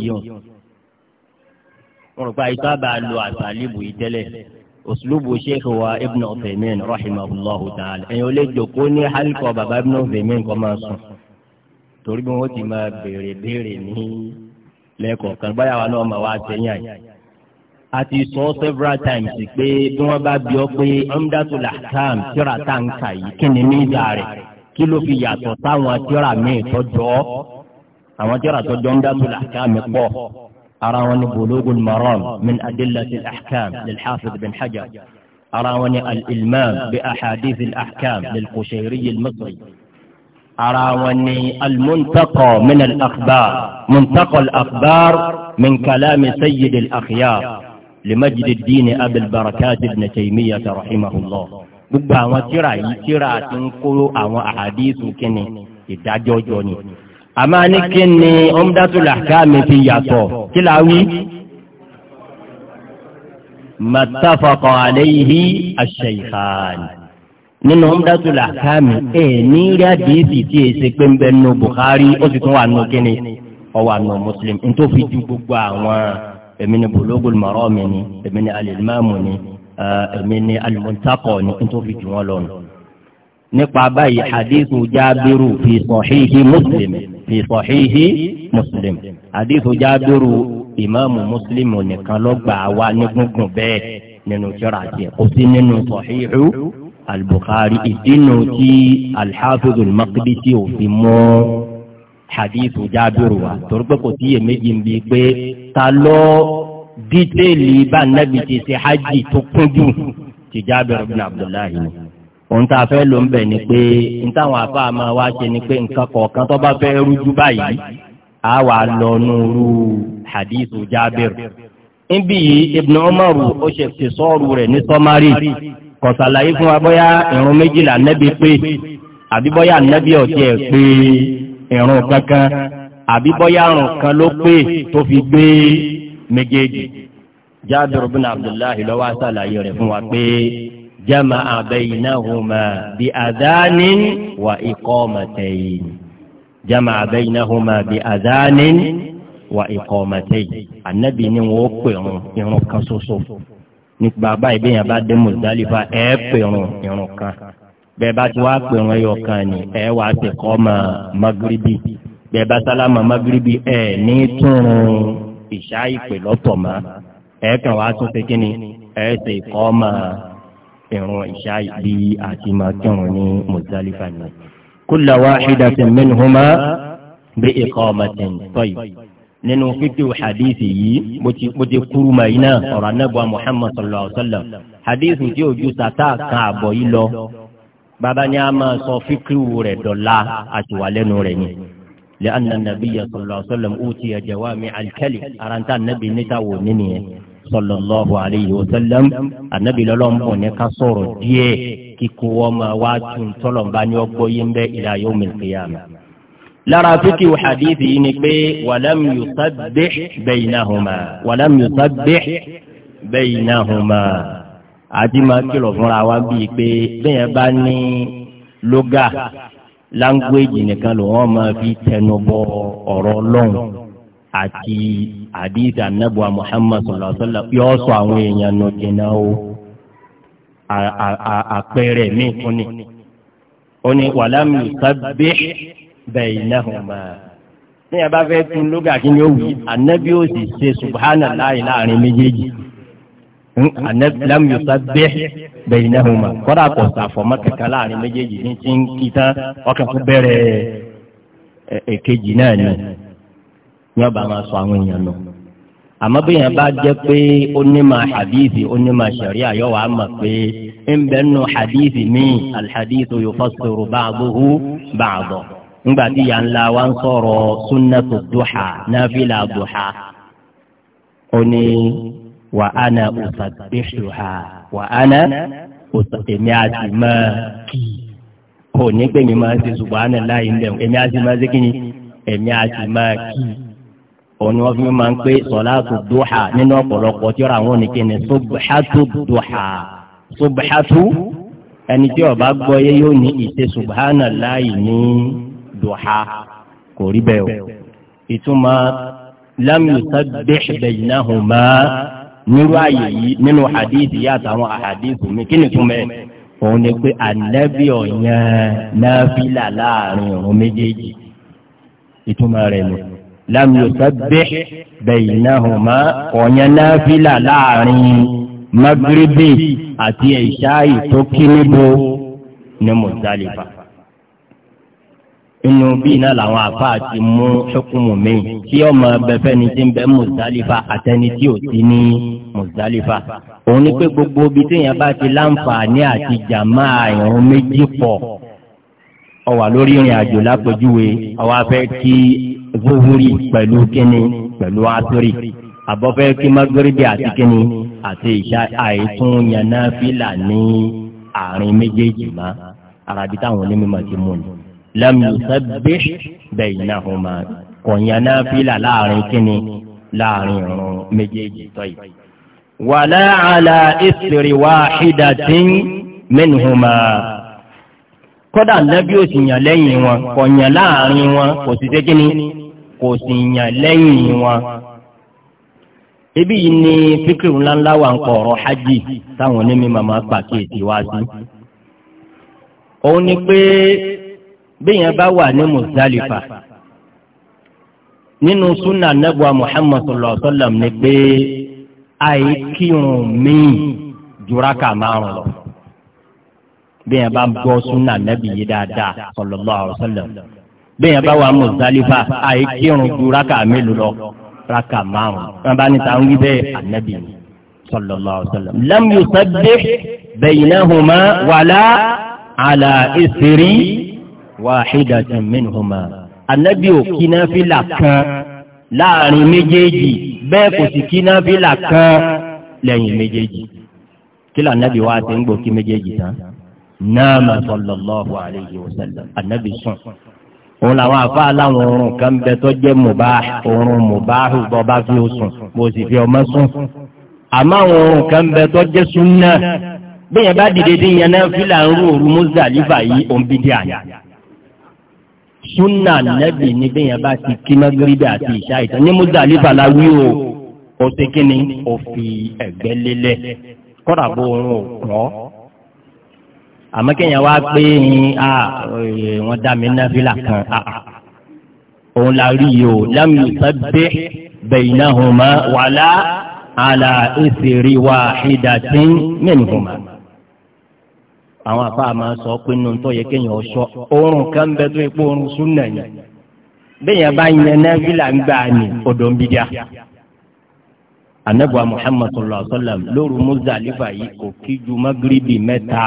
rò pé àyíká bá lo àṣà àlébù yìí uslubu sheikh wa ibn Uthaymin rahimahullahu ta'ala ẹ̀yin olè jòkó ní halqa baba ibn Uthaymin kọ́ máa sùn torí bí wọ́n ti máa béèrè béèrè ní lẹ́kọ̀ọ̀kan báyà wa náà máa wá sẹ́yìn àyè a ti sọ several times pé bí wọ́n bá bí ọ pé Umdatul Ahkam tíra tá n kà yìí kí ni míza rẹ̀ kí ló fi yàtọ̀ sáwọn tíra míì tọ́jọ́ àwọn tíra tọ́jọ́ Umdatul Ahkam pọ̀. أراوني بلوغ المرام من أدلة الأحكام للحافظ بن حجر أراوني الإلمام بأحاديث الأحكام للقشيري المصري أراوني المنتقى من الأخبار منتقى الأخبار من كلام سيد الأخيار لمجد الدين أبي البركات ابن تيمية رحمه الله gbogbo àwọn tíra تنقلوا tíra ti ń kó àmọ́ ní kí ni Umdatul Ahkam ti yàtọ̀ kí la wí. mattafaqa alayhi ash-shaykhan nínú Umdatul Ahkam ẹ̀ ní rí àdéhìsì tí e ṣe pé ń bẹ nù Bukhari ó sì tún wà nù kíni ọwọ́ àná Muslim ń tó fi ju gbogbo àwọn èmi ni Bulughul Marami ni èmi ni al ni èmi ni al ni ń tó fi jù wọ́n lọ́nu. nípa báyìí hadithu Jabiru fi sahihi Muslim fi sahihi muslim hadithu jábìrù ìmáàmù muslim nìkan ló gbà wá ní gúngùn bẹ́ẹ̀ nínú tírà tiẹ̀ kò sí nínú sahihu al-bukhari ìdínú tí al-hafiz al-maqdisi ò fi mú hadithu jábìrù wa torí pé kò sí ń bi pé ta ló dídéèlì bá ti ṣe hajj tó kún ti jábìrù bin abdullahi ohun tá a fẹ́ ló ń bẹ̀ ni pé n táwọn afa máa wá ṣe ni pé nǹkan kọ̀ọ̀kan tó bá fẹ́ rújú báyìí a wà lọ nuru hadithu Jabir. níbí yìí Ibn Umar ó ṣe ti sọ́ọ̀rù rẹ̀ ní sọ́márì kọ̀sàlàyé fún wa bóyá ìrun méjìlá nẹ́bi pé àbí bóyá nẹ́bi ọ̀tí ẹ̀ pé ìrun kankan àbí bóyá àrùn kan ló pé tó fi gbé méjèèjì Jabir bin Abdullahi ló wá ṣàlàyé rẹ̀ fún wa pé. جمع بينهما بأذان وإقامتين جمع بينهما بأذان وإقامتين النبي نوقع ينقى صصف nípa báyìí bí yẹn bá dé mùsùlùmí ẹ pèrún irun kan bẹ́ẹ̀ bá ti wá pèrún ẹyọ kan ni ẹ wàá ti kọ́ ọmọ magiribi bẹ́ẹ̀ bá sálámà magiribi ẹ ní túnrun ìṣá ìpè lọ́tọ̀ mọ́ ẹ kàn wá tún ṣe kí ni ẹ ṣe kọ́ ọmọ ìrun ìṣá bí àti máa kírun ní Muzdalifa ni. kulla wahidatin minhuma bí iqamatin tayyib nínú fídíò hadithi yìí mo ti kúrú mayina ọ̀rọ̀ anábọ̀ Muhammad sallallahu alaihi wa sallam hadithi tí ojú tata kan àbọ̀ yìí lọ bàbá ni a máa sọ fíkìrù rẹ̀ dọ̀la àtiwálẹ́nu rẹ̀ ni. li'anna nabiyya sallallahu alaihi wa sallam utiya jawami al-kalim aranta nabi níta wò nínú yẹn sallallahu alayhi wa sallam anabi lọlọmọ ní ká sọ̀rọ̀ díẹ̀ kíkó wọn máa wá tún tọlọmọba ní ọgbọ yín bẹ ila yawmil qiyamah. lára fíkì hadithi yìí ni pé walam yusabbih baynahuma walam yusabbih baynahuma àti máa kìlọ̀ fúnra wa bíi pé bẹ́ẹ̀ bá ní lóga language nìkan ló wọ́n máa fi tẹnubọ ọ̀rọ̀ ọlọ́run àti àdìsí anábùwà Muhammad sallallahu alaihi wasallam yọ sọ àwọn èèyàn nù jìnnà o àpẹẹrẹ mi kún ni ó ní walam yusabbih baynahuma ní ẹ bá fẹ́ tún lóga kí ni ó wí anábì ó sì ṣe subhanallah láàrin méjèèjì lam yusabbih baynahuma kọ́dà kò sàfọ̀mọ́ kankan láàrin méjèèjì ní ti ń kí tán ọkàn tó bẹ̀rẹ̀ èkejì náà ni ní ọba máa sọ àwọn èèyàn nù àmọ́ bí yẹn bá jẹ́ pé ó ní ma hadithi ó ní ma sariya yọ wàá mọ̀ pé ń bẹ nù hadithi mi alhadithu yufassiru ba'duhu ba'da ńgbà tí yà ń la wa ń sọ̀rọ̀ sunnatu duha nafila duha ó ní wa ana usabbihuha wa ana èmi àti máa kì í ní pé mi máa ń ṣe subhanallahi ń bẹ̀ èmi àti máa ṣe kí ni èmi àti máa kì í òun ni wọ́n fi máa ń pé sọ̀láàtù dùhà nínú ọ̀pọ̀lọpọ̀ tí ọ̀rọ̀ àwọn oníkẹ́ ni subhatu dùhà subhatu ẹni tí ó bá gbọ́ yé yóò ní ìṣe subhanallahi ní dùhà kò rí bẹ́ẹ̀ o ìtumọ̀ lam yusabbih baynahuma nírú àyè yìí nínú hadithi yá àtàwọn àhadithi mi kí ni túmẹ̀ òun ni pé ànábì ọ̀yàn náà fi là láàrin òun méjèèjì ìtumọ̀ rẹ̀ nù lam yusabbih baynahuma ọ̀yàn náfìlà láàrin magribi àti ìṣáì tó kí níbo ní Muzdalifa. inú bí iná làwọn àfa àti mú hukumu mi tí ọmọ bẹfẹ ni ti ń bẹ Muzdalifa àtẹni tí ò ti ní Muzdalifa. òun ni pé gbogbo ibi téèyàn bá ti láǹfààní àti jàmá ìrun méjì pọ̀ ó wà lórí ìrìn àjò lápèjúwe ó wá kí zuhuri pẹ̀lú kíni pẹ̀lú asiri àbọ̀fẹ́ kí magrebi àti kíni àti ìṣá àìtún yànnà fìlà ní àárín méjèèjì má arabi táwọn onímọ̀ ti mú ni lam yusabbih baynahuma kò yànnà fìlà láàrin kíni láàrin ìrun méjèèjì tọ́yì. wala ala isri wahidatin minhuma kódà nẹ́bí òsì yàn lẹ́yìn wọn kò yàn láàrin wọn kò sì ṣe kíni kò sì yàn lẹ́yìn wọn. ibi yìí ni fíkìrì ńláńlá wà ń kọ̀ ọ̀rọ̀ hajj táwọn onímọ̀ màmá pàkíyèsí wá sí. òun ni pé bíyẹn bá wà ní Muzdalifa nínú súnà nẹ́bùà Muhammad sallallahu alaihi wasallam ni pé àìkírun míì juraka márùn lọ bíyẹn bá gbọ́ súnà nẹ́bì yìí dáadáa sallallahu alaihi wasallam bẹ́ẹ̀ yẹn bá wà mùsàlífà àìkírun ju rákà mélòó lọ rákà márùn wọn bá níta ń wí bẹ́ẹ̀ ànábì ni sallallahu alaihi wasallam. lam yusabbih baynahuma wala ala isri wahidatin minhuma ànábì ò kí náfìlà kan láàrin méjèèjì bẹ́ẹ̀ kò sì kí náfìlà kan lẹ́yìn méjèèjì kí lóò ànábì wa ti ń gbòkí méjèèjì tán náà mà sallallahu alaihi wasallam ànábì sùn òun làwọn àfáà láwọn oorun kan bẹ tó jẹ́ mùbá oorun mùbá bọ́ bá fi sùn bó sì fi ọmọ sùn àmọ́ àwọn oorun kan bẹ tó jẹ́ súnà bẹ́ẹ̀ bá dìde dé yẹn náà fílà ń rú òru Muzdalifa yìí òun bí dé àná súnà nẹ́bì ni bẹ́ẹ̀ bá ti kí mọ́gírídà àti ìṣá ìtàn ní Muzdalifa la wí o ó ti kí ni ó fi ẹ̀gbẹ́ lélẹ̀ bó oorun ò kọ́ àmọ́ kéèyàn wá pé a wọ́n dá mi náfìlà kan òun la rí yìí o lam yusabbih baynahuma wala ala ithri wahidatin minhuma àwọn afa máa sọ pé nínú tó yẹ kéèyàn ọsọ oorun kan bẹ tó ipò oorun súnà yẹn bẹ́ẹ̀yàn bá yẹn náfìlà ń gbà ní odò ń bí díà anabuwa muhammadu sallallahu alaihi wa sallam lóru muzalifa yìí kò kí ju magribi mẹ́ta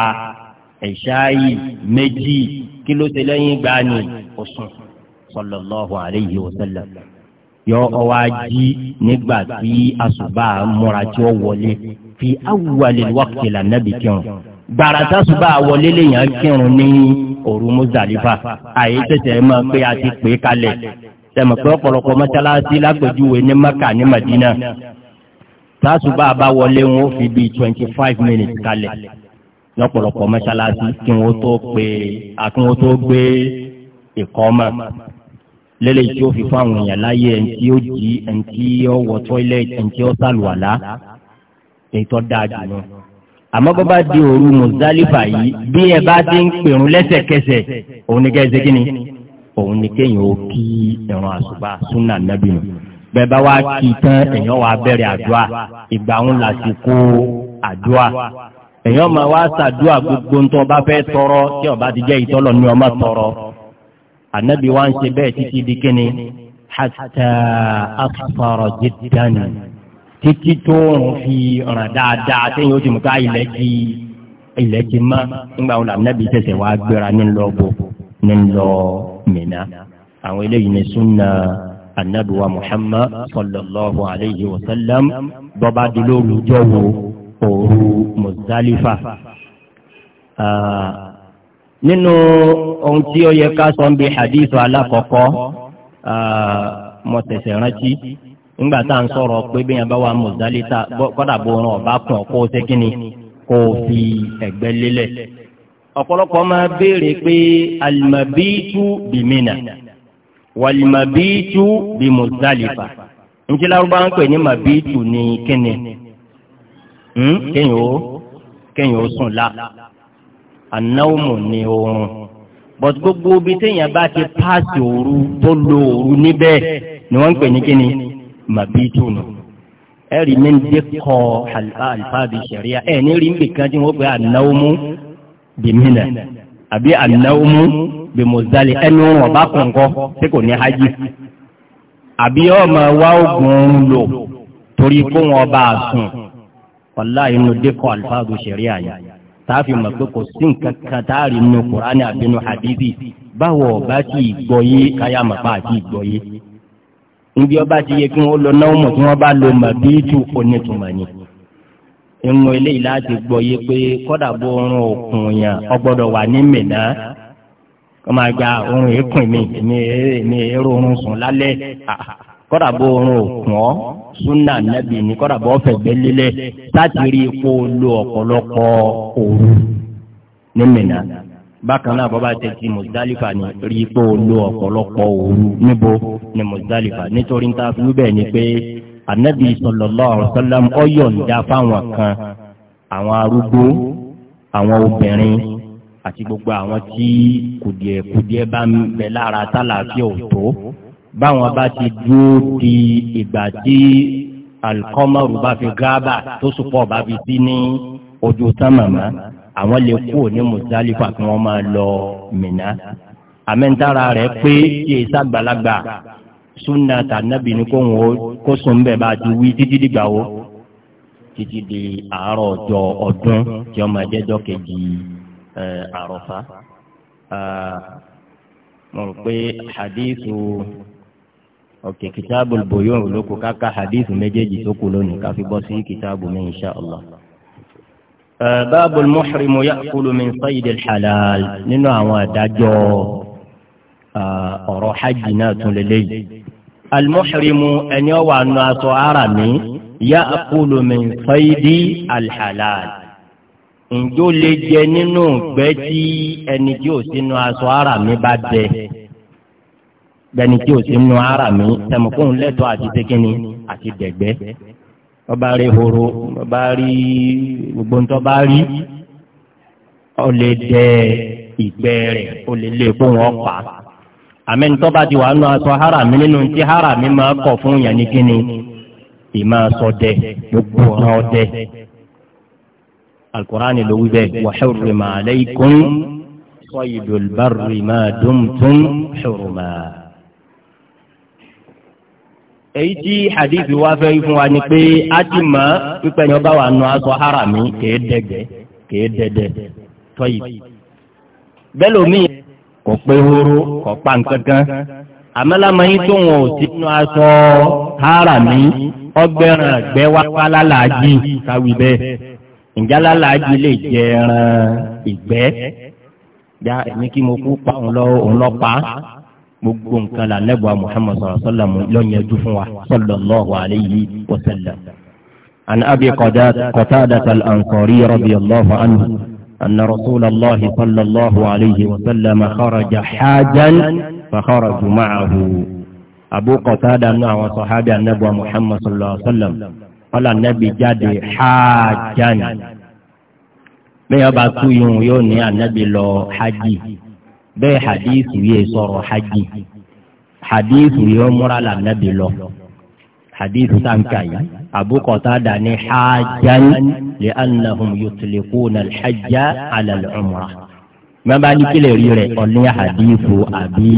ẹ̀ṣááyì méjì kí ló ṣe lẹ́yìn ìgbà ni ọ̀sùn sallallahu alayhi wa sallam yọ ọwọ́ ají nígbà tí àṣùbà múra tí ó wọlé fi awwalil waqti la nabi kírun gbàràtà ṣùgbà wọlé lèèyàn kírun ní òru Muzdalifa àyè tẹsẹ̀ ẹ máa pé a ti pè é kalẹ̀ tẹmọ pé ọ̀pọ̀lọpọ̀ mọ́sálásí lágbèjúwe ní Mẹ́kà ní Madina tàṣùbà bá wọlé wọn ó fi bíi twenty five minutes kalẹ̀ lọ́pọ̀lọpọ̀ mọ́ṣáláṣí kí wọ́n tó pe àkí wọ́n tó gbé ìkọ́mà lélẹ̀ tí ó fi fún àwọn èèyàn láyé ẹni tí ó jí ẹni tí ó wọ tọ́ílẹ̀tì ẹni tí ó sàlùwàlá èyí tó dáa jù lọ. àmọ́ bọ́ bá di òru mùsálífà yìí bí ẹ bá ti ń pèrún lẹ́sẹ̀kẹsẹ̀ òun ni kẹ́sẹ̀ kí ni òun ni kéèyàn ó kí ìrun àṣùbà súnà nàbì nù. bẹ́ẹ̀ bá wá kí tán èèyàn wá bẹ̀rẹ̀ àdúrà ìgbà òun làsìkò àdúrà èyàn máa wá ṣàdúrà gbogbo ntọ́ bá fẹ́ tọrọ tí ọba ti jẹ́ ìtọ́lọ̀ ní ọmọ tọrọ ànábì wa ń ṣe bẹ́ẹ̀ títí di kíni hatta asfara jiddan títí tó ń fi ràn dáadáa sẹ́yìn ó ti mú ká ilẹ̀ ti ilẹ̀ ti mọ́ nígbà wọn ànábì tẹ̀sẹ̀ wá gbéra ní lọ bò ní lọ Mínà àwọn eléyìí ní súnà ànábì wa Muhammad sallallahu alayhi wa sallam bọ́ba dúró lójọ́ wo òru Muzdalifa. nínú ohun tí ó yẹ ká sọ ń bi hadith alákọ̀ọ́kọ́ mo tẹ̀sẹ̀ rántí nígbà tá à ń sọ̀rọ̀ pé bí yẹn bá wà Muzdalifa kọ́dà bó ràn ọ̀bá kùn kó ṣe kó fi ẹ̀gbẹ́ lélẹ̀. ọ̀pọ̀lọpọ̀ máa béèrè pé alimabitu bimina walimabitu bimuzdalifa. njẹ́ lárúbá ń pè ní mabitu ní kínni. Hmm? kéèyàn ó kéèyàn ó sùn la anáwòmù ni oorun but gbogbo ibi téèyàn bá ti paasi òru tó lo òru níbẹ̀ ni wọ́n ń pè ní kíni màbítù nù ẹ̀rí mi ń dé kọ́ alifáàbí sẹ̀ríà ẹ̀ ní rí nbìkan tí wọ́n pè anáwòmù bìmínà àbí anáwòmù bìmùzálì ẹnu wọn kọ̀ǹkọ́ tí kò ní hajj àbí ọmọ wa oògùn lò torí kó wọn bá a sùn wàlá inú dékọ̀ alifáàdù sẹ̀ríà yìí tààfin mọ̀ pé kò sí nǹkan kan táàrí inú kùránì àbínú hadithi báwo ọba ti gbọ́yé káyà màpá àti gbọ́yé. níbi ọba ti yẹ kí wọ́n lọ náà mọ̀ tí wọ́n bá lo màbíìtù onítùmọ̀ ni. inú eléyìí láti gbọ́yé pé kọ́dà bó orun òkun yàn ọgbọ́dọ̀ wà ní mìíná kọ́ máa gba orun èékùn mi èmi èrò orun sùn lálẹ́ kọ́dà bó oorun òkun ọ́ súnà nàbì ní kọ́dà bó ọ̀fẹ́ gbẹ́lélẹ̀ láti rí ipò lo ọ̀pọ̀lọpọ̀ òru ní Mínà bákan náà bọ́ bá tẹ̀ sí Muzdalifa ní rí ipò lo ọ̀pọ̀lọpọ̀ òru níbo ní Muzdalifa nítorí ń fún bẹ́ẹ̀ ni pé anabi sallallahu alaihi wasallam ó yọ̀ǹda fáwọn kan àwọn arúgbó àwọn obìnrin àti gbogbo àwọn tí kùdìẹ̀kùdìẹ̀ bá ń bẹ lára tálàfíà ò tó báwọn bá ti dúró di ìgbà tí alikọ́mọ̀rù bá fi gáàbà tó sùpọ̀ bá fi sí ní ojú sámàmá àwọn lè kú ní mùsálífà kí wọ́n máa lọ Mínà. àmẹ́ntara rẹ̀ pé kí èyí sàgbàlagbà súnà tànàbì ní kó wọn kó sùn bẹ́ẹ̀ bá ti wí títí dìgbà wo títí di àárọ̀ ọjọ́ ọdún tí ọmọ ẹ̀dẹ́jọ́ kejì Àrọ̀fá. mo rò pé hadithu ok kìtàbù bòyó olóko káka hadith méjèèjì tó kù lónìí káfí bọ́ sí kìtàbù mi insha allah. báàbù muhrimu yakulu min sayidi halal nínú àwọn àdájọ́ ọ̀rọ̀ hajj náà tún lélẹ́yìí. almuhrimu ẹni ọ̀wà nù aṣọ ara mi yakulu min sayidi alhalal ǹjọ́ lè jẹ nínú gbẹ́ tí ẹni tí ò sínú aṣọ ara mi bẹni tí o ti nu ara mi tẹmọkùn lẹtọ àti tẹkínni àti dẹgbẹ ọba rí horo ọba rí gbogbo ntọ́ bá rí ọ lè dẹ ìgbẹ́ rẹ̀ ó lè lé kó wọn pa àmì ntọ́ bá ti wà nù aṣọ ara mi nínú ti ara mi máa kọ̀ fún yẹn ní kínni aṣọ dẹ gbogbo ọ̀ràn ọdẹ alukur'ani ló wí bẹ́ẹ̀ wa hurrima alaykum saydul barri ma dumtum huruma èyí tí hadith wa fẹ́ fún wa ni pé a ti mọ̀ pípẹ́ ni wọ́n bá wà nù aṣọ harami kèé dẹ̀gẹ̀ kèé dẹ̀dẹ̀ tọ́yì. bẹ́ẹ̀ lómi kò pé horo kò pa nǹkankan àmàlàmọ́yìn tó wọn ò sí nù aṣọ harami ọgbẹ́ràn ẹgbẹ́ wa pálá làájì káwí bẹ́ẹ̀ ìjálá làájì lè jẹ ẹran ìgbẹ́ bí a ẹ̀mí kí mo kú pa òun lọ pa á gbogbo nǹkan la nẹ́bùa muhammad sallallahu alayhi wa sallam lọ́nyẹ̀dú fún wa sallallahu alayhi wa sallam. عن أبي قتادة الأنصاري رضي الله عنه أن رسول الله صلى الله عليه وسلم خرج حاجا فخرجوا معه أبو قتادة مع صحابي النبي محمد صلى الله عليه وسلم قال النبي جاد حاجا ما يبقى يوم يوني النبي لو حجي bẹ́ẹ̀ hadithu yẹ sọ̀rọ̀ hajj hadithu yẹ ọmúra la nàbì lọ hadithu tanka yìí Abu Qatada ní hajjan li annahum yutliquna al-hajja ala al-umra mẹ́bàá ní kílẹ̀ rí rẹ̀ ọ̀ní hadithu Abi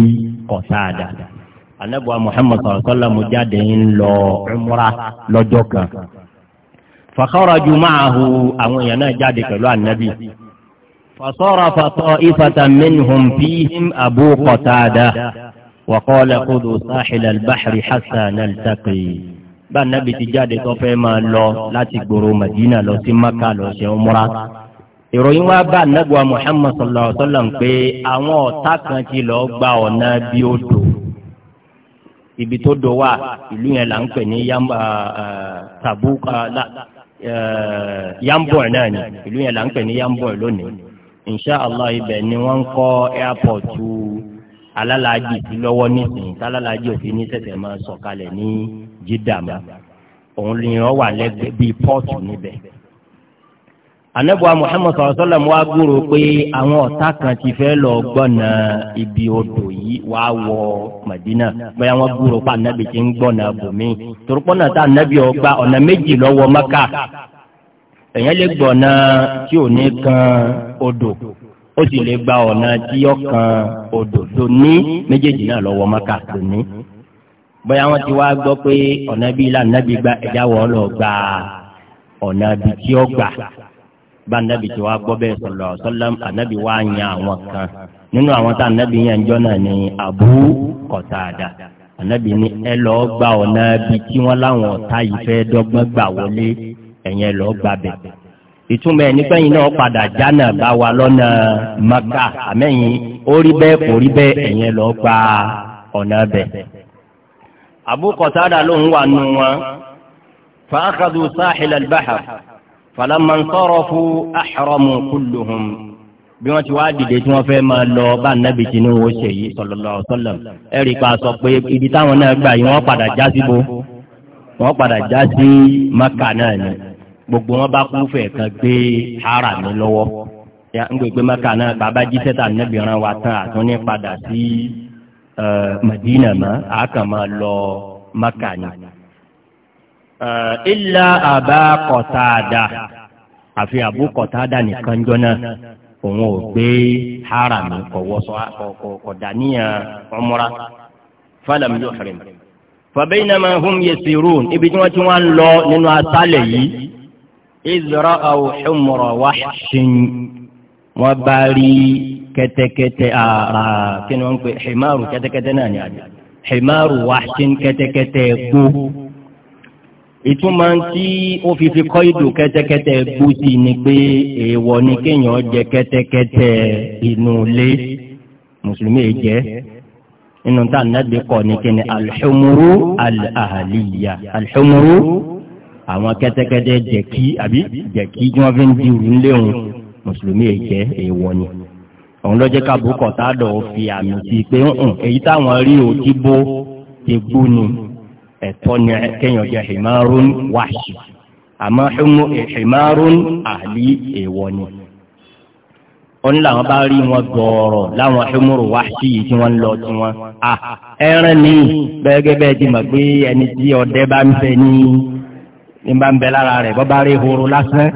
Qatada anabuwa Muhammad sallallahu alaihi jáde ń lọ umra lọ́jọ́ kan fa kharaju àwọn èèyàn jáde pẹ̀lú anabi. فصرف طائفة منهم فيهم أبو قتادة وقال خذوا ساحل البحر حتى نلتقي bá nàbì ti jáde tó fẹ́ máa lọ láti gbòòrò madina lọ sí maka lọ ṣe umra ìròyìn wa bá nàgbà muhammad sallallahu alaihi wa sallam pé àwọn ọ̀tá kan ti lọ gba ọ̀nà bí ó dò ibi tó dò wà ìlú yẹn là ń pè ní tabuka yambọ̀ náà ni ìlú yẹn là ń pè ní yambọ̀ lónìí insha allah ni wọn ń kọ airport alálàájì sí lọ́wọ́ nísìnyí tálálàájì òfin ní sẹ̀sẹ̀ máa sọ̀kalẹ̀ ní jídàmá òun ni wà lẹ́gbẹ̀ẹ́ bíi pọ́ọ̀tù níbẹ̀. anabuwa muhammad sallallahu alaihi wa gbúrò pé àwọn ọ̀tá kan ti fẹ́ lọ gbọ́nà ibi odò yìí wọ madina wọ́n gbúrò pé anabi ti ń gbọ́nà maka èèyàn lè gbọ́ ọ̀nà tí ò ní kan odò ó sì lè gba ọ̀nà tí ó kan odò tó ní méjèèjì náà lọ́wọ́ mọ́kà tó ní. bóyá wọ́n ti wá gbọ́ pé ọ̀nà bíi ìlànà bíi gba ẹ̀já wọ́n lọ gba ọ̀nà bíi tí ó gbà bá nàbì tí wàá gbọ́ bẹ́ẹ̀ sọ̀rọ̀ sọ́lám ànábì wá yan àwọn kan nínú àwọn tá ànábì yàn jọ́ náà ni Abu Qatada ànábì ni ẹ lọ́ọ́ gba ọ̀nà bíi tí wọ́n láwọn ọ̀tá yìí fẹ́ dọ́gbọ́n gbà wọlé ẹ̀yẹn lọ gbàbẹ̀ ìtumọ̀ ẹ̀ nígbà yìí náà padà jánà bá wa lọ́nà maka àmẹ́yìn ó rí bẹ́ẹ̀ kò rí bẹ́ẹ̀ ẹ̀yẹn lọ gba ọ̀nà bẹ̀. Abu Qatada ló ń wà nù wọn fàákàdù sáhìlì albahar falamma nsarafu ahramu bí wọ́n ti wá dìde tí wọ́n fẹ́ máa lọ bá nàbì tí ní wọ́n ṣe yìí sallallahu alaihi wasallam pa sọ pé ibi táwọn náà gbà yìí wọ́n padà já síbo wọ́n padà já sí maka náà ni gbogbo wọn bá kún fẹ kan gbé ara mi lọ́wọ́ ya ń gbègbè maka náà bàbá jíṣẹ́ tà nẹ́bí ran wa tán àtún ní padà sí Madina mọ́ a kàn máa lọ maka ni. ilà àbá kọ̀tàdà àfi àbú kọ̀tàdà nìkan jọ náà òun ò gbé ara mi kọ̀wọ́sọ kọ̀dà níyàn ọmọra fàlàmì yóò fẹ̀rẹ̀ mi. fàbẹ́yìn náà máa hùm yẹ sírun ibi tí wọ́n ti wá ń lọ nínú asálẹ̀ yìí ìzọrọ àwòṣùmọrọ wáṣin wọn bá rí kẹ́tẹ́kẹ́tẹ́ àrà kí ni wọn pè himaru kẹ́tẹ́kẹ́tẹ́ náà ni àjẹ himaru wáṣin kẹ́tẹ́kẹ́tẹ́ gbó ìtumọ̀ tí ó fi fi kọ́ ìdò kẹ́tẹ́kẹ́tẹ́ gbó sí ni pé èèwọ̀ ni kéèyàn jẹ kẹ́tẹ́kẹ́tẹ́ inú ilé mùsùlùmí èè jẹ́ inú tá a nàgbé kọ́ ni kí ni alḥumuru alahaliya alḥumuru àwọn kẹ́tẹ́kẹ́tẹ́ jẹ̀kí àbí jẹ̀kí tí wọ́n fi ń di òun léhùn mùsùlùmí yìí jẹ́ èèwọ̀ ni. òun ló jẹ́ káàbù kọ̀tàdọ̀ fi àmì sí i pé hàn èyí táwọn rí o ti bó ti gbó ni ẹ̀tọ́ ni kéèyàn jẹ́ himarun wáṣì àmọ́ himarun àlí èèwọ̀ ni. wọ́n ní làwọn bá rí wọn gbọ́ọ̀rọ̀ láwọn himarun wáṣì yìí tí wọ́n lọ tí wọ́n. ni bẹ́ẹ̀ gẹ́gẹ́ bẹ́ẹ̀ ti mọ̀ pé ẹni tí ọdẹ bá ń bẹ ní ní bá ń bẹ lára rẹ̀ bọ́ bá rí ehoro lásán.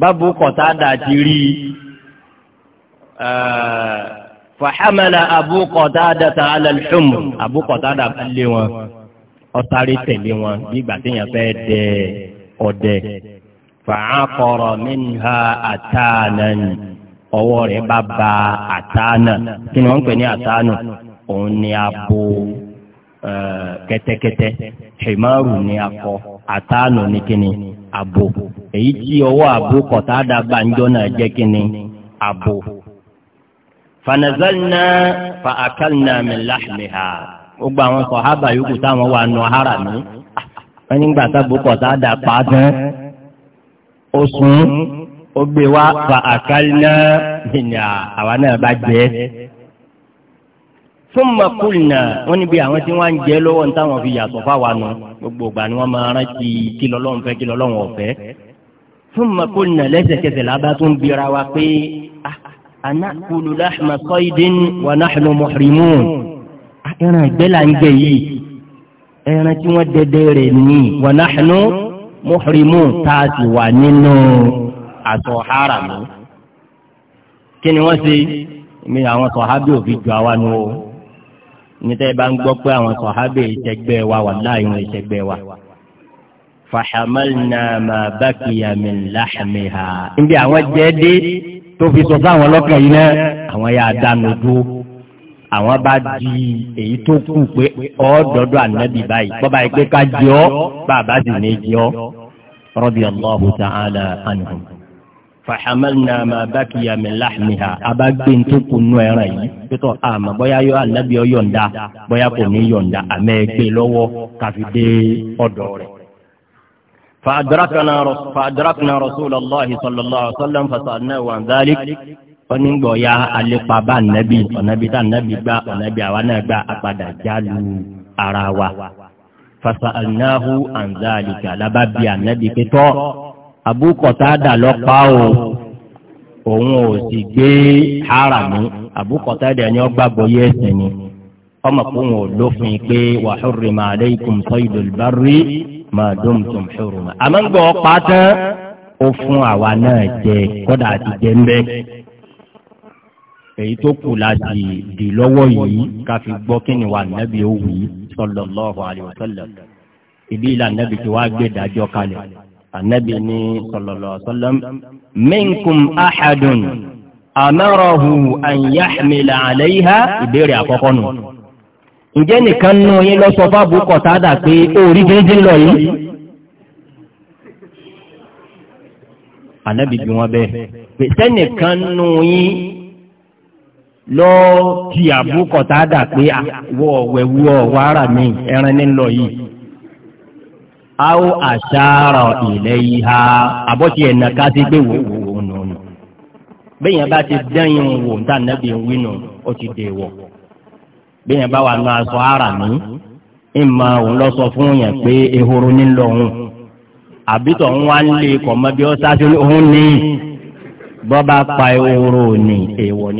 bábú kọ̀tádà ti rí fàhámẹ́lá Abu Qatada ala al-humr Abu Qatada lé wọn ọ̀sáré tẹ̀lé wọn nígbà téèyàn fẹ́ dẹ ọdẹ fa'aqara minha atanan ọwọ́ rẹ̀ bá ba àtànà kí ni wọ́n ń pè ní àtànà òun ni abo kẹ́tẹ́kẹ́tẹ́ ṣèmárù ni akọ àtàánù ni kíni àbò èyí tí ọwọ́ àbò kọ̀tà dàgbà ńjọ́ náà jẹ́ kíni àbò. fanazalna fa akalna min lahmiha gbogbo àwọn sọ̀hábà yòókù táwọn wà nù hàrà mi wọ́n nígbà tábò kọ̀tà dàgbà gan ó sùn ó gbé wá fa akalna min àwa náà bá jẹ́ summa qulna wọ́n níbi àwọn tí wọ́n ń jẹ́ lọ́wọ́ ní táwọn fi yàtọ̀ fáwa nù gbogbo ìgbà ni wọ́n máa rántí kí lọ́lọ́run fẹ́ kí lọ́lọ́run ọ̀fẹ́ summa qulna lẹ́sẹ̀kẹsẹ̀ lábá tó ń bira wa pé ah, anakulu lahma saydin wa nahnu muhrimun ah, ẹran ìgbẹ́ là ń jẹ yìí ẹran tí wọ́n dẹdẹ rẹ̀ ní wa nahnu muhrimun tá a nínú àtọ̀ háràmù kí ni wọ́n ṣe mi àwọn sọ̀hábì òfin ju àwa nù o níta ẹ bá ń gbọ́ pé àwọn sọ̀hábẹ̀ ìṣẹ́gbẹ́ wa wà láàyè wọn ìṣẹ́gbẹ́ wa. fàhámàlínà máa bá kìyàmì láhàmì ha. níbi àwọn jẹ́ dé tó fi sọ fún àwọn ọlọ́kàn yìí náà àwọn yà á dánu àwọn bá di èyí tó kù pé ọ́ọ́dọ́dọ́ ànábì báyìí bọ́ba yìí pé ká jẹ́ bàbá sì ní jẹ́ ọ́ radiyallahu ta'ala anhum fàhámẹ́lìnà máa bá kí ya min lahmiha abágbé ń tó kunú ẹran yìí pẹ́tọ́ àmọ́ bóyá yọ alábì ọ yọ̀ǹda bóyá kò ní yọ̀ǹda àmẹ́ gbé lọ́wọ́ káfi dé ọ̀dọ̀ rẹ̀. fàdúrákùnà rasulullahi sallallahu alaihi wasallam fasalnahu an dhalik onígbọ̀ ya alépa bá nàbí ọ̀nàbí tá nàbí gbá ọ̀nàbí àwa náà gbá àpadà jálu ara wa fasalnahu an dhalika alábàbí ànàbí pẹ́tọ́ abúkọ̀tádà lọ́pàá o òun ò sì gbé haramu abúkọ̀tádà ni ó gbàgbọ́ yé ẹ̀sìn ni ọmọ kó wọn ò lófin pé wa hurrima alaykum saydul barri ma dumtum huruma. àmọ́ ń gbọ́ ọ̀pá tán ó fún àwa náà jẹ kọ́dà àti jẹ èyí tó kù láti dì lọ́wọ́ yìí ká gbọ́ kí ni wà nábì ó wù í sallallahu alayhi wa sallam. ìbí ìlànà nàbì tí gbé dájọ́ kalẹ̀ anabi ni sallallahu alaihi wasallam minkum ahadun amarahu an yahmila alayha ìbéèrè àkọ́kọ́ nù. ǹjẹ́ nìkan nù yín lọ sọ fáàbù kọ̀tádà pé ó rí gírígí lọ yìí. anabi bí wọn bẹ́ẹ̀ pé sẹ́nìkan nù yín lọ ti àbúkọ̀tádà pé ah, wọ́ọ̀wẹ̀wú ọ̀wárà mi ẹran ní lọ yìí. aw ashara ilayha àbọ̀tí ẹ̀ nàka sí pé wò wò nù nù yẹn bá ti dẹ́yìn wò ń tà nẹ́bí wí nù ó ti dè wọ̀ bẹ́ẹ̀ yẹn bá wà nù aṣọ ara mi ìmọ̀ òun lọ sọ fún yẹn pé ehoro ní lọ́hùn ń wá bí ó òun ní pa ehoro ní èèwọ̀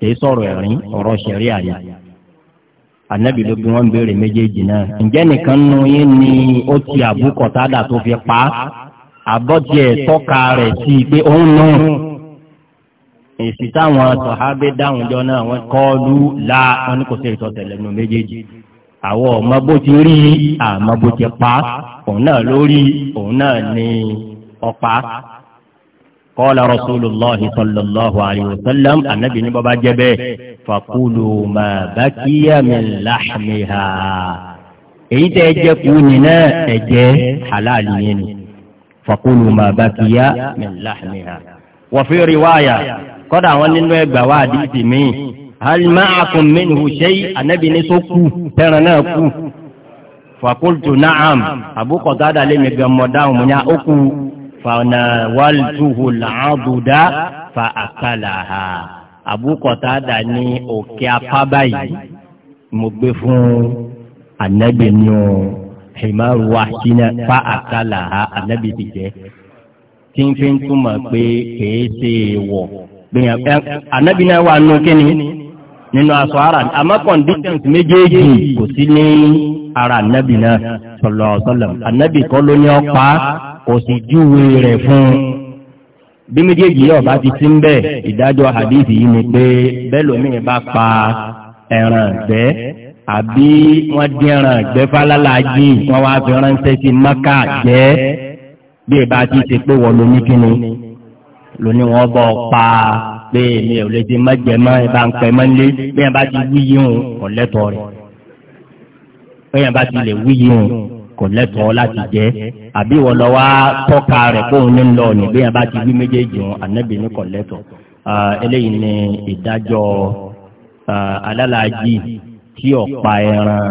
ní sọ̀rọ̀ ẹ̀rín ọ̀rọ̀ ṣẹ̀rí àyà. anabi ló bí wọn béèrè méjèèjì náà ǹjẹ́ nìkan nu yín ni ó ti àbúkọ̀tádà tó fi pa á àbọ̀jẹ̀ tọ́ka rẹ̀ sí i pé òun nù èsì táwọn sọ̀hábẹ́ dáhùn jọ náà wọ́n kọ́ọ́lù la wọn kò sí ìtọ́ tẹ̀lé nu méjèèjì àwọn ọmọ bó ti rí àmọ́ bó ti pa òun náà lórí òun náà ni ọ̀pá kọ́lá rasulillahi sallallahu alayhi wa sallam anabi ní bàbá jẹ́bẹ́ fakulu ma bakiya min lahmiha èyí tẹ́ ẹ jẹ́ kú nínú ẹ̀jẹ̀ halal yẹn ni fakulu ma bakiya min lahmiha. wa fi riwaya kọ́dà àwọn nínú ẹgbà wa àdìsí mi hal ma'akum minhu shay anabi ní so kú tẹ̀ràn náà kú fakultu na'am Abu Qatada lẹ́mi gan mọ̀ dáhùn mu ní a ó kú fanawaltuhu làádùdá fa àkàlàhà àbúkọ̀tàdà ní òkè apábá yìí mo gbé fún anabi ní o himaru wahshina fa àkàlàhà anabi ti jẹ tí n fi túmọ̀ pé kèé ṣe wọ̀ gbìyànjú anabi náà wà nù kínní nínú aṣọ ara àmọ́ conditions méjèèjì kò sí ní ara anabi náà sọlọ sọlọ anabi kọ́ ló ní ọ̀pá kò sì júwe rẹ̀ fún un bí méjèèjì yóò bá ti sí ń bẹ ìdájọ́ hadith yìí ni pé bẹ́ẹ̀ lómìnir bá pa ẹran ẹ̀gbẹ́ àbí wọ́n dín ẹran ẹ̀gbẹ́ fálálàájì wọ́n wá fi ránṣẹ́ sí mọ́kà jẹ́ bí ìbá ti ṣe pé wọ́n lóní kíni wọ́n bọ́ pa á pé èmi ò lè ti mẹ́jẹ̀mọ́ ìbá ń pẹ́ mọ́lé bí yẹn bá ti wíyí hùn kò lẹ́tọ̀ọ́ rẹ̀ bí yẹn bá ti lè wíyí hùn kò lẹ́tọ̀ọ́ láti jẹ́ àbí wọ́n lọ wá tọ́ka rẹ̀ kóun ní lọ ní bí yẹn bá ti wí méjèèjì hùn ànábì ní kò lẹ́tọ̀ọ́ eléyìí ni ìdájọ́ alálàájì tí ọ̀pá ẹran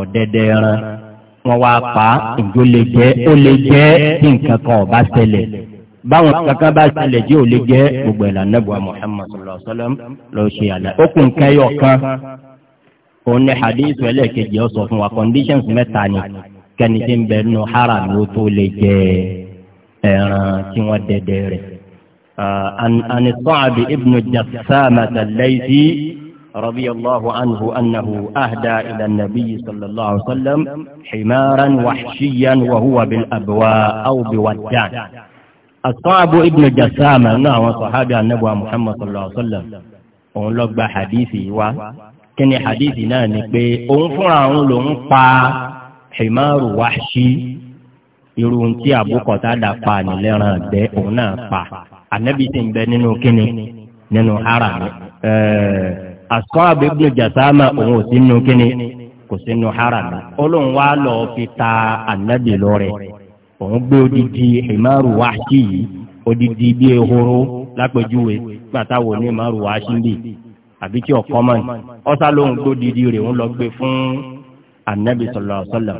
ọ̀dẹ́dẹ́ ẹran wọ́n wá pa ìjó lè jẹ́ ó lè jẹ́ bí nǹkan kan ọ̀ báwọn kaka bá ṣẹlẹ̀ jí ò lè jẹ́ gbogbo ẹ̀ lànàbọ̀ Muhammad sallallahu alaihi wasallam lọ ṣe àlà okùn kẹyọ kan òun ni hadith ẹlẹ́ẹ̀kejì ọ sọ fún wa conditions mẹ́ta ni kẹ́ni tí ń bẹ nù hara ni ó tó lè jẹ ẹran tí wọ́n dẹ̀dẹ̀ rẹ̀. ani sọ́ọ̀bì عن الصعب ابن جسامة الليثي رضي الله عنه أنه أهدى إلى النبي wa الله عليه وسلم حمارا وحشيا وهو بالأبواء أو jaan. As'abu ibn Jasama náà àwọn sọ̀hábì anábọ̀ Muhammad sallallahu alaihi wasallam òun lọ gba hadithi wa kí ni hadithi náà ni pé òun fúnra òun lòun pa himaru wahshi irun tí àbúkọ̀tà dà pa nílẹ̀ràn ẹ̀gbẹ́ òun náà pa anábì ti ń bẹ nínú kíni nínú ara mi. As'abu ibn Jasama òun ò sí nínú kíni kò sí nínú ara mi. ó lọ fi ta anábì lọ́rẹ̀ òun gbé odidi ìmáàrú wá sí yìí odidi bí ehoro lápẹjúwe gbàtàwọ ní ìmáàrú wá sí bì àbí tí ọkọ mọ ní ọsà lóhùn gbó didi rẹ̀ òun lọ gbé fún anabi sọlọ sọlọ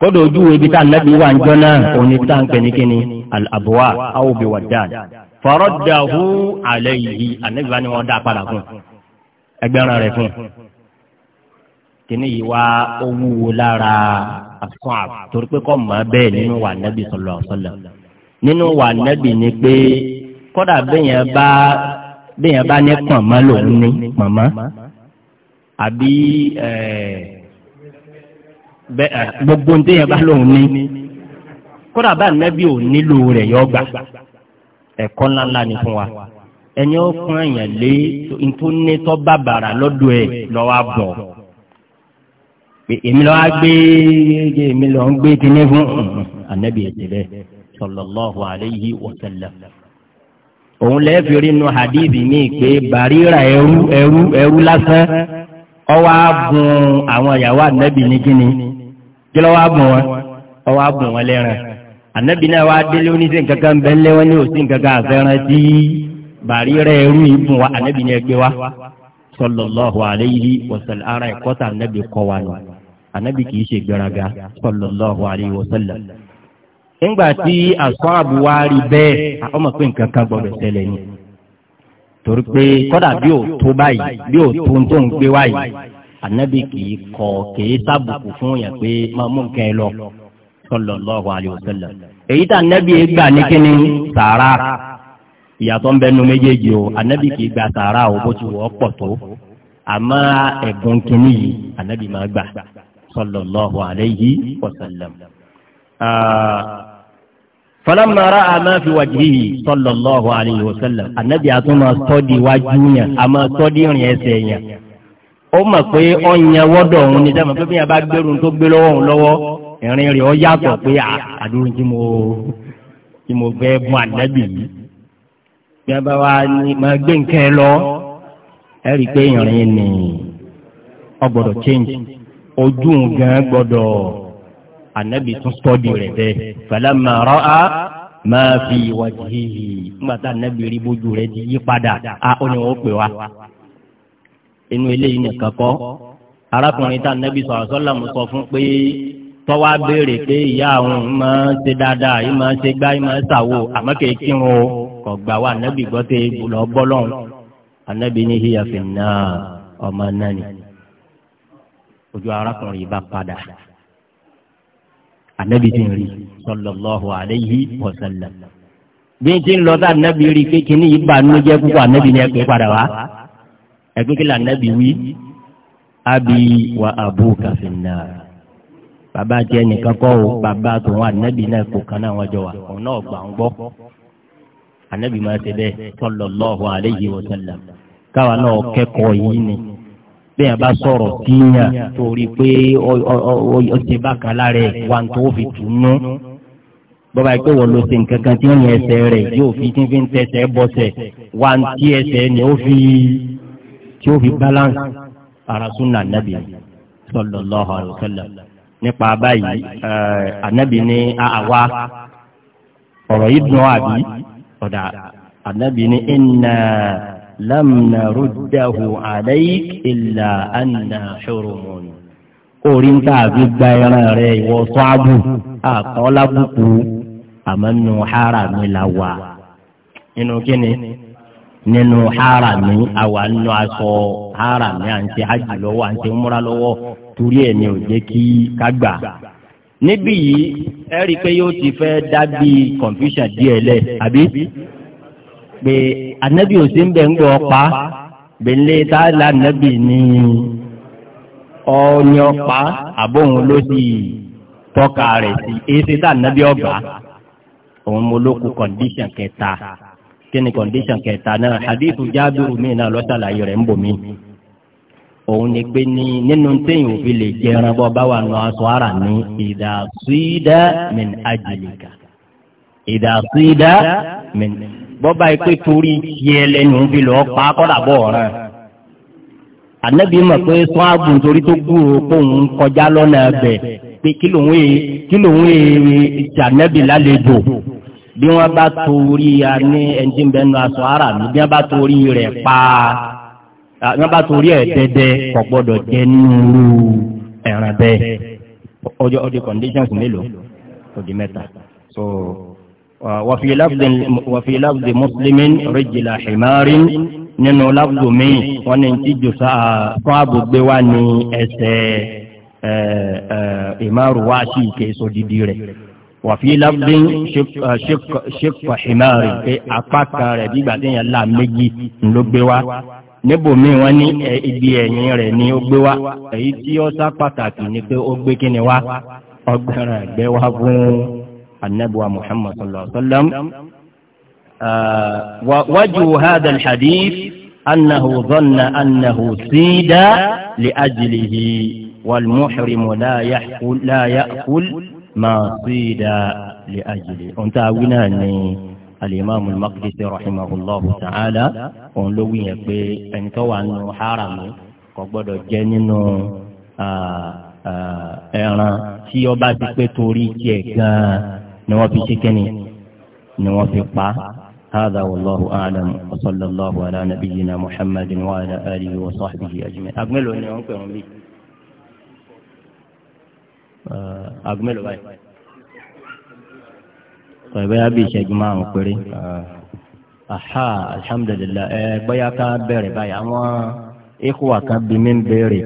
kódò ojú ibi tá anabi wà ń jọ náà òun ibi ń pè ní kíni al-abwa awo bi wadad faradahu alayhi anabi wa ni wọn dá padà fún ẹgbẹ́ràn rẹ̀ fún kíní yìí wá owó lára asọ́à torí pé kọ́ mọ́ bẹ́ẹ̀ nínú wà nẹ́bí sọ̀lọ̀ sọ̀lọ̀ nínú wà nẹ́bí ni pé kọ́dà bẹ́yẹn bá bẹ́yẹn bá ní pọ̀nmọ́ lòún ní pọ̀nmọ́ àbí eh, eh, gbogbo ní tẹ́yẹn bá lòún ní kọ́dà bá nẹ́bí ò nílò rẹ̀ yọ gbà ẹ̀kọ́ ńláńlá ni fún wa ẹni ó fún ẹ̀yàn lé ntúnitọ́ bàbàrà lọ́dọ̀ ẹ̀ lọ́wọ́ àbọ̀ pé èmi lọ́wọ́ gbé èmi lọ́wọ́ gbé tinubu fún anabi ẹ̀sẹ̀ bẹ́ẹ̀ sallallahu alayhi wa sallam òun lè fi rí nu hadithi mi pé bàríra ẹrú ẹrú ẹrú lásán ọwọ́ abùn àwọn ìyàwó ànábì ní kíni kí lọ́wọ́ abùn wọn ọwọ́ abùn wọn lẹ́ran ànábì náà wá délé oníṣẹ́ nǹkankan bẹ́ẹ̀ lẹ́wọ́n ní òsín nǹkankan àfẹ́ràn tí bàríra ẹrú ìbùn wa ànábì ní ẹgbẹ́ wa sallallahu alayhi wa ara ẹ̀kọ́ tà kọ́ wa nù anabi kìí ṣe gbéraga sallallahu alayhi wa sallam. nígbà tí asọ́àbù wa rí bẹ́ẹ̀ ọmọ pé nǹkan kan gbọdọ̀ ṣẹlẹ̀ ni. torí pé kọ́dà bí ò tó báyìí bí ò tó ń tó ń gbé wáyìí anabi kìí kọ kìí sábùkù fún yẹn pé máa mú nǹkan ẹ lọ sallallahu alayhi wa sallam. èyí tá anabi gbà ní kíni sàárà ìyàtọ̀ ń bẹnu méjèèjì o anabi kìí gba sàárà o bó ti wọ́ pọ̀ tó àmọ́ ẹ̀bùn kìíní yìí anabi máa gbà sallallahu alayhi wa sallam. Ah, falamma ra'a ma fi wajhihi sallallahu alayhi wa sallam anabi atuma sọdi wájú yẹn a ma sọdi rìn ẹsẹ̀ yẹn ó mọ̀ pé ọ̀nyẹ wọ́dọ̀ òun ni dáhùn pé bí yẹn bá gbẹrun tó gbé lọ́wọ́ òun lọ́wọ́ ìrìn rẹ̀ ó yàtọ̀ pé àdúró tí mo tí mo fẹ́ mú anabi yìí bí yẹn bá wà ní ma gbé nǹkan lọ ẹ rí i pé ìrìn ni ó gbọ́dọ̀ change ojú gan gbọdọ̀ ànábì tún sọ́ọ̀dì rẹ̀ bẹ́ẹ̀ falamma ra'a ma fi wajhihi nígbà tá ànábì rí bójú rẹ̀ ti yí padà á ó ní wọ́n pè wá inú eléyìí nìkan kọ́ arákùnrin tá ànábì sọ̀rọ̀ sọ́lá mo sọ fún pé tọ́wá béèrè pé ìyá àwọn máa ń ṣe dáadáa yìí máa ń ṣe gbá yìí máa ń ṣàwò àmọ́ kì í kírun o kò gbà wá ànábì gbọ́ tẹ́ lọ bọ́ lọ́hùn ànábì ní hiya fi náà ọmọ náà ni ojú arákùnrin yìí bá padà ànábì ti rí sallallahu alayhi wa sallam bí n ti ń lọ sí ànábì rí kékeré yìí bá nínú jẹ́ púpọ̀ ànábì ni ẹ pé padà wá ẹ pé kí lè ànábì wí abi wa abuka finnar bàbá tiẹ̀ nìkan kọ́ o bàbá tòun ànábì náà kò kan náà wọ́n jọ wà òun náà gbà ń gbọ́ ànábì máa ṣe bẹ́ẹ̀ sallallahu alayhi wa káwa náà kẹ́kọ̀ọ́ yìí ni bẹ́ẹ̀ bá sọ̀rọ̀ tíyàn torí pé ó ti bákan lára ẹ̀ wà tó fi tùnú. bọ́bá yìí pé wọ́n lọ sí nǹkan kan tí ó ní ẹsẹ̀ rẹ̀ yóò fi tí fi ń tẹsẹ̀ bọ́sẹ̀ wà tí ẹsẹ̀ ni ó fi tí ó fi balance ara sunna nabi sallallahu alaihi wasallam nípa báyìí anabi eh, ní àwa ọ̀rọ̀ yìí dùn àbí ọ̀dà anabi ní ẹnna lam naruddahu alayk illa anna hurumun. orí ń tà fi gba ẹran rẹ̀ ìwọ sọ́ọ́bù àkọ́lábùkù àmọ́ nù hàrà mi la wà. nínú kíni nínú hàrà mi àwa nù aṣọ hàrà mi à ń ṣe hajj lọ́wọ́ à ń ṣe múra lọ́wọ́ torí ẹ̀ ní ò kí ká níbí yìí ẹ rí i pé yóò ti fẹ́ dá confusion díẹ̀ lẹ̀ àbí pé anabi ò sí ń bẹ̀ ń gbọ́ pa bẹ̀lẹ́ tá a la anabi ní ọ̀yàn pa àbóhun ló sì tọ́ka rẹ̀ sí èsì tá anabi ọba òun mo ló kú kọ̀ǹdíṣàn kẹta kíni kọ̀ǹdíṣàn kẹta náà hadithu jábìrù mi náà lọ́sàlàyé rẹ̀ ń bò mí òun ni pé ní nínú téèyàn òfin lè jẹ ẹran bọ́ bá wà nù aṣọ ara ní ìdásídá min ajìlìkà ìdásídá min bọ́ba yìí pé torí tiẹ̀ lẹ́nu bí lọ́ọ́ pa kọ́dà bọ̀ ọ̀ràn. ànábì mọ̀ pé sọ́n àgùn torí tó gbúrò kóun kọjá lọ́nà ẹ̀bẹ̀ pé kí lòun èè kí lòun èè ìjànẹ́bì lálejò bí wọ́n bá torí a ní ẹnjí bẹnu aṣọ ara mi bí wọ́n bá torí rẹ̀ pa bí bá torí ẹ̀ dẹ́dẹ́ kò gbọ́dọ̀ jẹ́ nínú ẹ̀ràn bẹ́ẹ̀ ọjọ́ ọdí conditions mélòó ó di so. وفي لفظ وفي لفظ مسلم رجل حمار nínú lábùdó míì wọn ní tí jòsà fáàbù gbé wá ní ẹsẹ̀ ìmáàrú wá sí ìké sódìdí rẹ̀ wà fi lábùdó ṣèkọ ìmáàrú pé apá kan rẹ̀ bígbà téèyàn là méjì ló gbé wá níbo míì wọn ní ibi ẹ̀yìn rẹ̀ ni ó gbé wá èyí tí ó sá pàtàkì ni pé ó gbé kíni wá ọgbẹrẹ ẹgbẹ wá fún un. النبوة محمد صلى الله عليه وسلم آه ووجه هذا الحديث أنه ظن أنه سيد لأجله والمحرم لا يأكل, لا يأكل ما صيد لأجله أنت أولاني الإمام المقدسي رحمه الله تعالى أن لو يبي أن كوان حرام قبض جنين أنا tí ọba ti ni wọ́n fi ṣe ni wọ́n fi pa هذا والله أعلم وصلى الله على نبينا محمد وعلى آله وصحبه أجمعين أجملوا إني أنكم بي أجملوا باي طيب يا بي شيخ ما أنكري aha alhamdulillah ẹ بيا ká bẹ̀rẹ̀ báyìí àwọn ikú àkànbí mi ń bẹ̀rẹ̀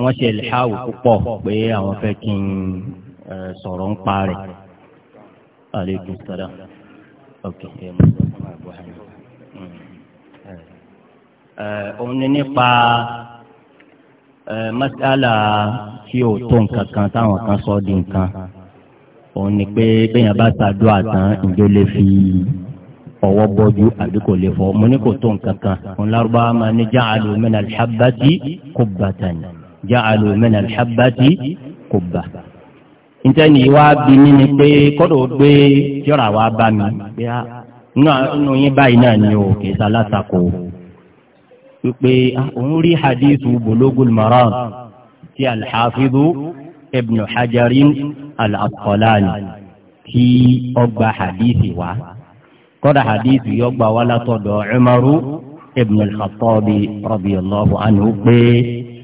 wọ́n ṣe ìlhàwù púpọ̀ pé àwọn fẹ́ kí n sọ̀rọ̀ ń pa rẹ̀. aleykum salaam. òun ni nípa masala tí ò tó nǹkan kan táwọn kan sọ di nǹkan òun ni pé bẹ́yàn bá ṣàdúrà tán ìjọ lè fi ọwọ́ bọ́jú àbí kò lè fọ́ mo ní kò tó nǹkan kan òun lárúbáwá máa ní ja'alu min al-habbati qubbatan ja'alu min al-habbati qubba ntẹni wa bi mí ni pé kọ́dọ̀ gbé tíọ́rà wa bá mi pé a nínú yín báyìí náà ni o kì í sa látakò wípé ah, òun rí hadithu bulugul maram ti alḥafidu ibn hajarin al-asqalani kí hadithi wa kọ́dà hadithi yọ gbà wá látọ̀dọ̀ umaru ibn al-khattabi anhu pé.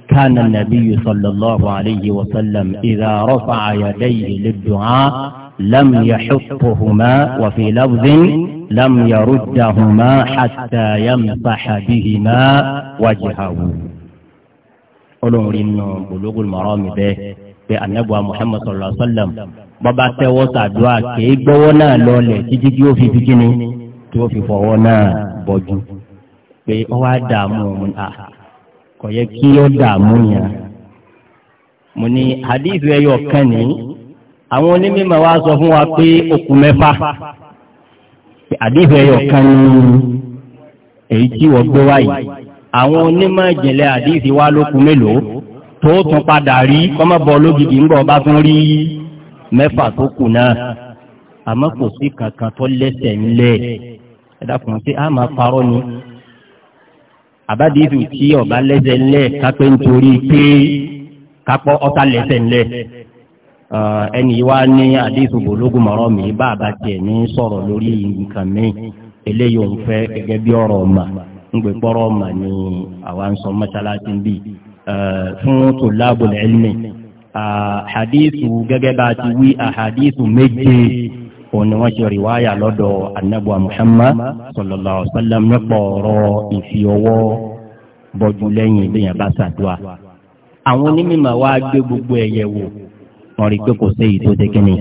كان النبي صلى الله عليه وسلم إذا رفع يديه للدعاء لم يحطهما وفي لفظ لم يردهما حتى يمسح بهما وجهه Ọlọ́run nínú Bulugul Marami bẹ́ẹ̀ pé anabuwa Muhammad sallallahu alaihi wa sallam sàdúrà kéé gbọ́wọ́ náà lọ́lẹ̀ títí tí ó fi fi kíni tí ó fi fọwọ́ náà bọjú pé ọwọ àdààmú ọmọ náà. Ah, kò yẹ kí ó dààmú yẹn. mo ní hadith ẹyọ kan ní àwọn onímọ̀ wa sọ fún wa pé okùn mẹ́fà hadith ẹyọ kan ní èyí tí wọ́n gbé wáyé àwọn onímọ̀ ìjìnlẹ̀ hadith wa lókun mélòó tó tún padà rí kọ́mọ́bọ̀ lógìkì ń bọ̀ bá tún rí mẹ́fà tó kù náà àmọ́ kò sí kankan tó lẹ́sẹ̀ ńlẹ̀ ẹ dákun sí a parọ́ ni. àbádìídù tí ọba lẹ́sẹ̀ ńlẹ̀ kápẹ́ nítorí pé kápọ́ ọ̀tá lẹ́sẹ̀ ńlẹ̀ ẹni wá ní àdéhùn bòlógún mọ̀rọ́ mi bá tiẹ̀ ní sọ̀rọ̀ lórí nǹkan mi eléyìí òun fẹ́ gẹ́gẹ́ bí ọ̀rọ̀ ńgbẹ́ pọ́rọ̀ ni sọ òun ni wọ́n ṣe rìwáyà lọ́dọ̀ anabu muhammad sallallahu alaihi wa sallam nípa ọ̀rọ̀ ìfi ọwọ́ bọ́jú lẹ́yìn ìbéyàn bá ṣàdúrà. àwọn onímọ̀ wa gbé gbogbo ẹ̀ yẹ̀ wò wọ́n rí i pé kò sí èyí tó dé kínní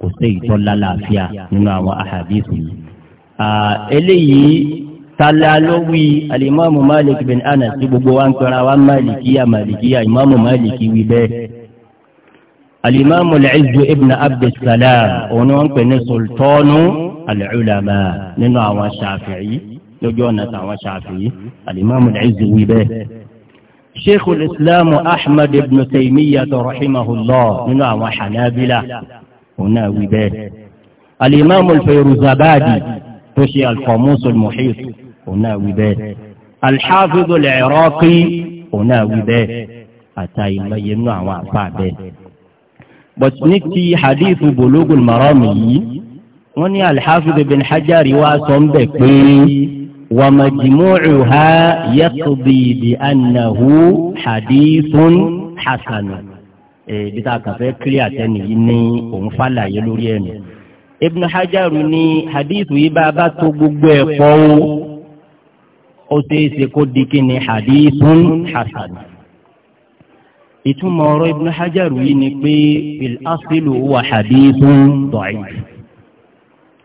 kò sí èyí tó lálàáfíà nínú àwọn ahadisi eléyìí tala ló wí alimami malik bin anas gbogbo wa ń pera wa malikiya malikiya imamu maliki wí bẹ́ẹ̀. الإمام العز ابن عبد السلام ونوان كن سلطان العلماء ننو عوان الشافعي يجونا عوان الشافعي الإمام العز ويبه شيخ الإسلام أحمد بن تيمية رحمه الله ننو عوان حنابلة هنا ويبه الإمام الفيروزابادي تشي القاموس المحيط هنا ويبه الحافظ العراقي هنا ويبه أتاي ما ينو عوان فعبه but ní ti hadithu bulugul maram yìí wọ́n ní alḥafiz bin hajari wa sọ ń bẹ̀ pé wa majmu'uha yaqdi bi annahu hadithun hasan ibi tá a kàn fẹ́ kílí àtẹnu yìí ní òun fàlàyé lórí ẹnu ibn hajar ní hadithu yìí bá a bá tó gbogbo ẹ̀ pọ́ ó ṣeé ṣe kó di kí ni hadithun hasan ìtumọ̀ ọ̀rọ̀ Ibn Hajar yìí ni pé ìlàsílù wà hadithun da'if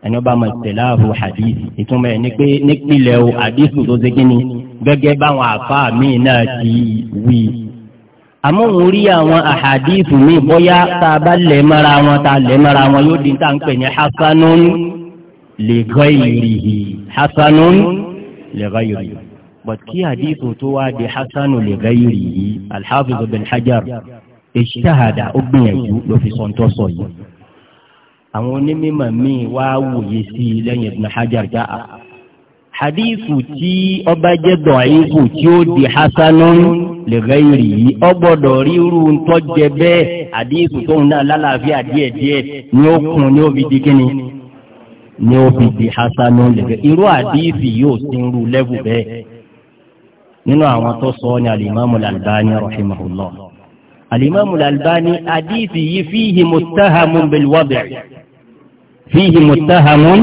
ẹni ọba máa tẹ̀lé àrùn hadith ìtumọ̀ ẹ̀ ni pé nípìnlẹ̀ o hadith tó ṣe kíni gẹ́gẹ́ báwọn àfa mi náà ti wí. àmọ́ òun rí àwọn ahadith mi bóyá tá a bá lẹ̀ mọ́ra wọn tá a lẹ̀ mọ́ra wọn yóò di tá à ń pè ní hasanun li ghayrihi hasanun li ghayrihi but kí àdìsù tó wá di hasanu li ghayrihi al-Hafiz ibn Hajar ijtahada ó gbìyànjú ló fi sọ̀ńtọ́ sọ yìí àwọn onímọ̀ míì wá wòye sí i lẹ́yìn ibn Hajar dáa hadithu tí ọba jẹ́ dọ̀ífù tí ó di hasanun li ghayrihi ó gbọ́dọ̀ ríru tó jẹ bẹ́ẹ̀ hadithu tó ń náà lálàáfíà díẹ̀díẹ̀ ni ó kún ní ó fi di kíni ni ó fi di hasanun li ghayrihi irú hadithu yóò ti ń lẹ́bù bẹ́ẹ̀ nínú àwọn tó sọ ní alimami lalbani rahimahullah alimami lalbani hadithi yìí fíhì muttahamun bilwadi' fíhì muttahamun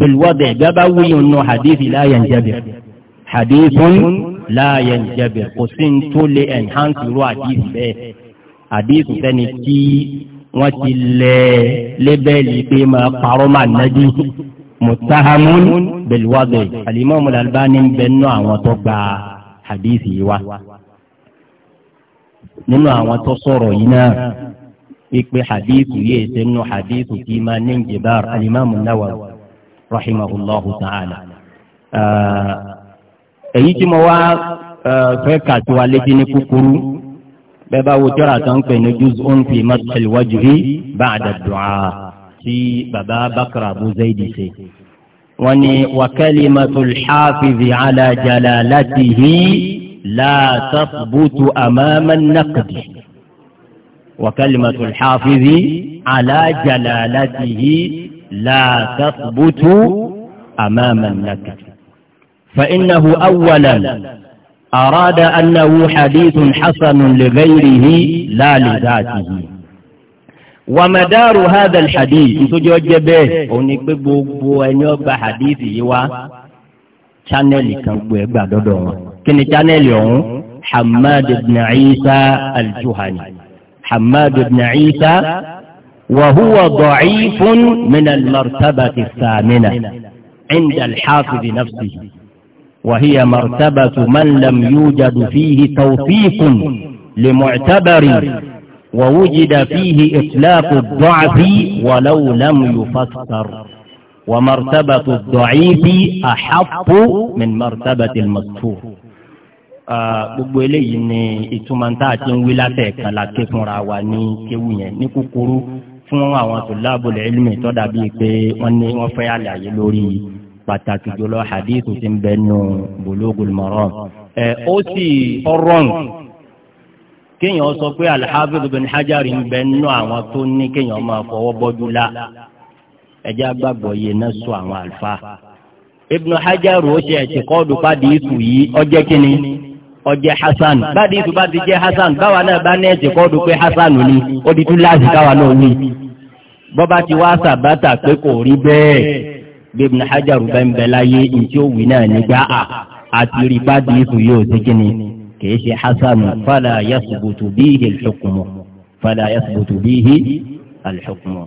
bilwadi' gbábá wíyùn nù hadithi la yanjabir hadithun la yanjabir kò sí ní tó lè enhance irú hadithi bẹ́ẹ̀ hadithi sẹ́ni tí wọ́n ti lẹ lébẹ́ẹ̀lì pé máa parọ́ máa nájú muttahamun bilwadi' alimami lalbani bẹ́ẹ̀ nù àwọn tó gbàá hadithi yìí wá. nínú àwọn tó sọ̀rọ̀ yìí náà ipe hadithu yìí ṣe nínú hadithu tí máa ní jìbáà alimami Nawawi rahimahullahu ta'ala. èyí tí mo wá fẹ́ kà sí wa létí ní kúkúrú bẹ́ẹ̀ bá wo tírà tó ń pè ní juz'un fi mathil wajhi ba'da du'a tí baba bakra abu zaidi ṣe. وكلمة الحافظ على جلالته لا تثبت أمام النقد وكلمة الحافظ على جلالته لا تثبت أمام النقد فإنه أولا أراد أنه حديث حسن لغيره لا لذاته wàmẹ̀dárù hádà hadith nítorí ọjẹ́ bẹ́ẹ̀ òun ni pé gbogbo ẹni ọgbà hadith yìí wá chanẹ́ẹ̀lì kan gbọ́ ẹgbà dọ́dọ̀ wọn kí ni chanẹ́ẹ̀lì ọ̀hún hamad ibn isa aljuhani hamad ibn isa wa huwa da'ifun min almartabati thamina inda alhafiz nafsihi wa hiya martabatu man lam yujadu fihi tawfiqun limu'tabari. ووجد فيه إطلاق الضعف ولو لم يفسر ومرتبة الضعيف أحب من مرتبة المذكور gbogbo eléyìí ni ìtumọ̀ tá a ti ń wí látẹ̀ẹ̀kan la ké fúnra wa ní kéwù yẹn ní kúkúrú fún àwọn tòlábòlẹ̀ ẹlùmí tó dàbí pé wọ́n ní wọ́n fẹ́ àlàyé lórí pàtàkì jùlọ hadith ti ń bẹ́ẹ̀ nù Bulugul Maram. ẹ ó sì ọ̀rọ̀ nù kéèyàn sọ pé al-Hafiz Ibn Hajar ń bẹ nínú àwọn tó ní kéèyàn máa fọwọ́ bọ́jú la ẹjẹ́ agbàgbọ́ yìí náà sọ àwọn àlùfà. Ibn Hajar ó ṣe ẹ̀sìn kọ́ọ̀dù pàdé yìí ọjẹ́ kínní ọjẹ́ hasan báàdì ìtù bá ti jẹ́ hasan báwa náà bá ní ẹ̀sìn kọ́ọ̀dù pé hasan ó di tún káwa náà bọ́ba ti wá sàbátà pé kò rí bẹ́ẹ̀ bí Ibn Hajar bẹ́ẹ̀ kìí ṣe hasanu fala yasubutu bihi alḥukumu fala yasubutu bihi alḥukumu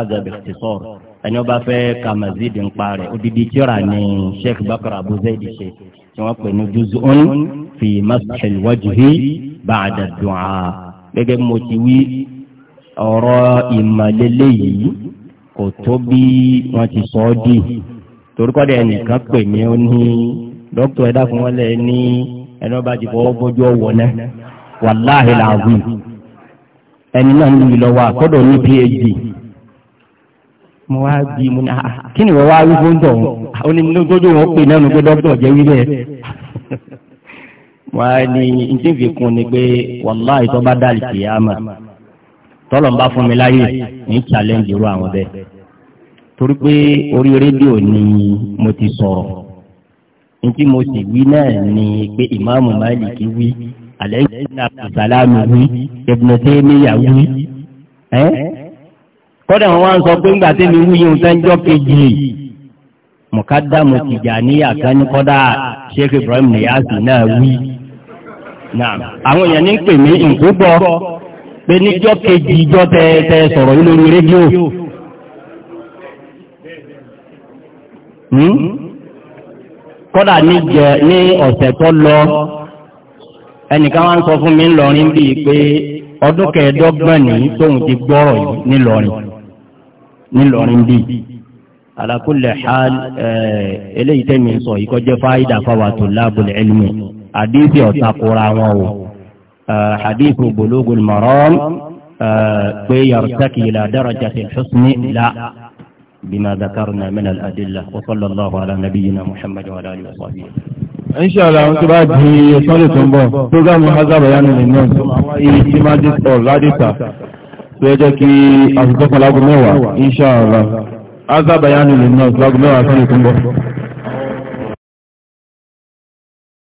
aza bikhtisar ẹni wọn bá fẹ́ ka mazid ń parẹ́ odidi tíra ni sheikh bakr abu zayd ṣe tí wọn pè ní juz'un fi masahil wajhi ba'da du'a gẹ́gẹ́ mo ti wí ọ̀rọ̀ ìmàlélẹ yìí kò tó bí wọn ti sọ ọ di torúkọ dẹ nìkan pè mí ó ní dókítà ẹ dákun wọn lẹ ní. ẹni ọba ti fọwọ́ bójú náà wàláhì làwí ẹni náà ń lu ní phd mo wá bí mo ní àá ah, ah, kí ni wọ́n wá wí fún tọ̀ ọ́ ah, ní lójoojúmọ́ wọn pè náà ní pé dókítà jẹ́ wí bẹ́ẹ̀ wọ́n á ní kún ni pé wàláhì tó bá dàlí kìyàmà tọ́lọ̀ ń bá fún mi láyè ní challenge àwọn bẹ́ẹ̀ ni mo ti sọ̀rọ̀. nítí mo sì wí náà ni pé ìmáàmù Málìkì wí alẹ́sìn àbùsàlámù wí Ibn Taymiyyah wí. kọ́dà wọn wá ń sọ pé ńgbà tẹ́mi wí yóò tán jọ́ kejì mọ̀kádàmù Tìjàníyà kan ní kọ́dà Sheikh Ibrahim Niyazi náà wí. àwọn èèyàn ní pè mí nǹkó gbọ́ pé níjọ́ kejì ìjọ tẹ tẹ sọ̀rọ̀ yìí lórí rédíò. Hmm? kódà níjẹ ní ọ̀sẹ̀ tó lọ ẹnìkan wá ń sọ fún mi ńlọrin bíi pé ọdún kẹẹ̀ẹ́dọ́gbọ̀n ní tóun ti gbọ́rọ̀ yìí nílọrin nílọrin bíi alakulẹ̀ hal eléyìí tẹ́mi sọ yìí kọjẹ́ fáyidà fáwọn tulabul ilmi hadithi ọ̀takura wọn o hadithi bulugul maram pé yartaki ila darajati husni la. بما ذكرنا من الأدلة وصلى الله على نبينا محمد وعلى آله وصحبه إن شاء الله أنت بعد هي صلاة تنبو تقام هذا بيان للناس إجتماع دستور لا دستا سيجاك أصدق الأغموة إن شاء الله هذا بيان للناس الأغموة صلاة تنبو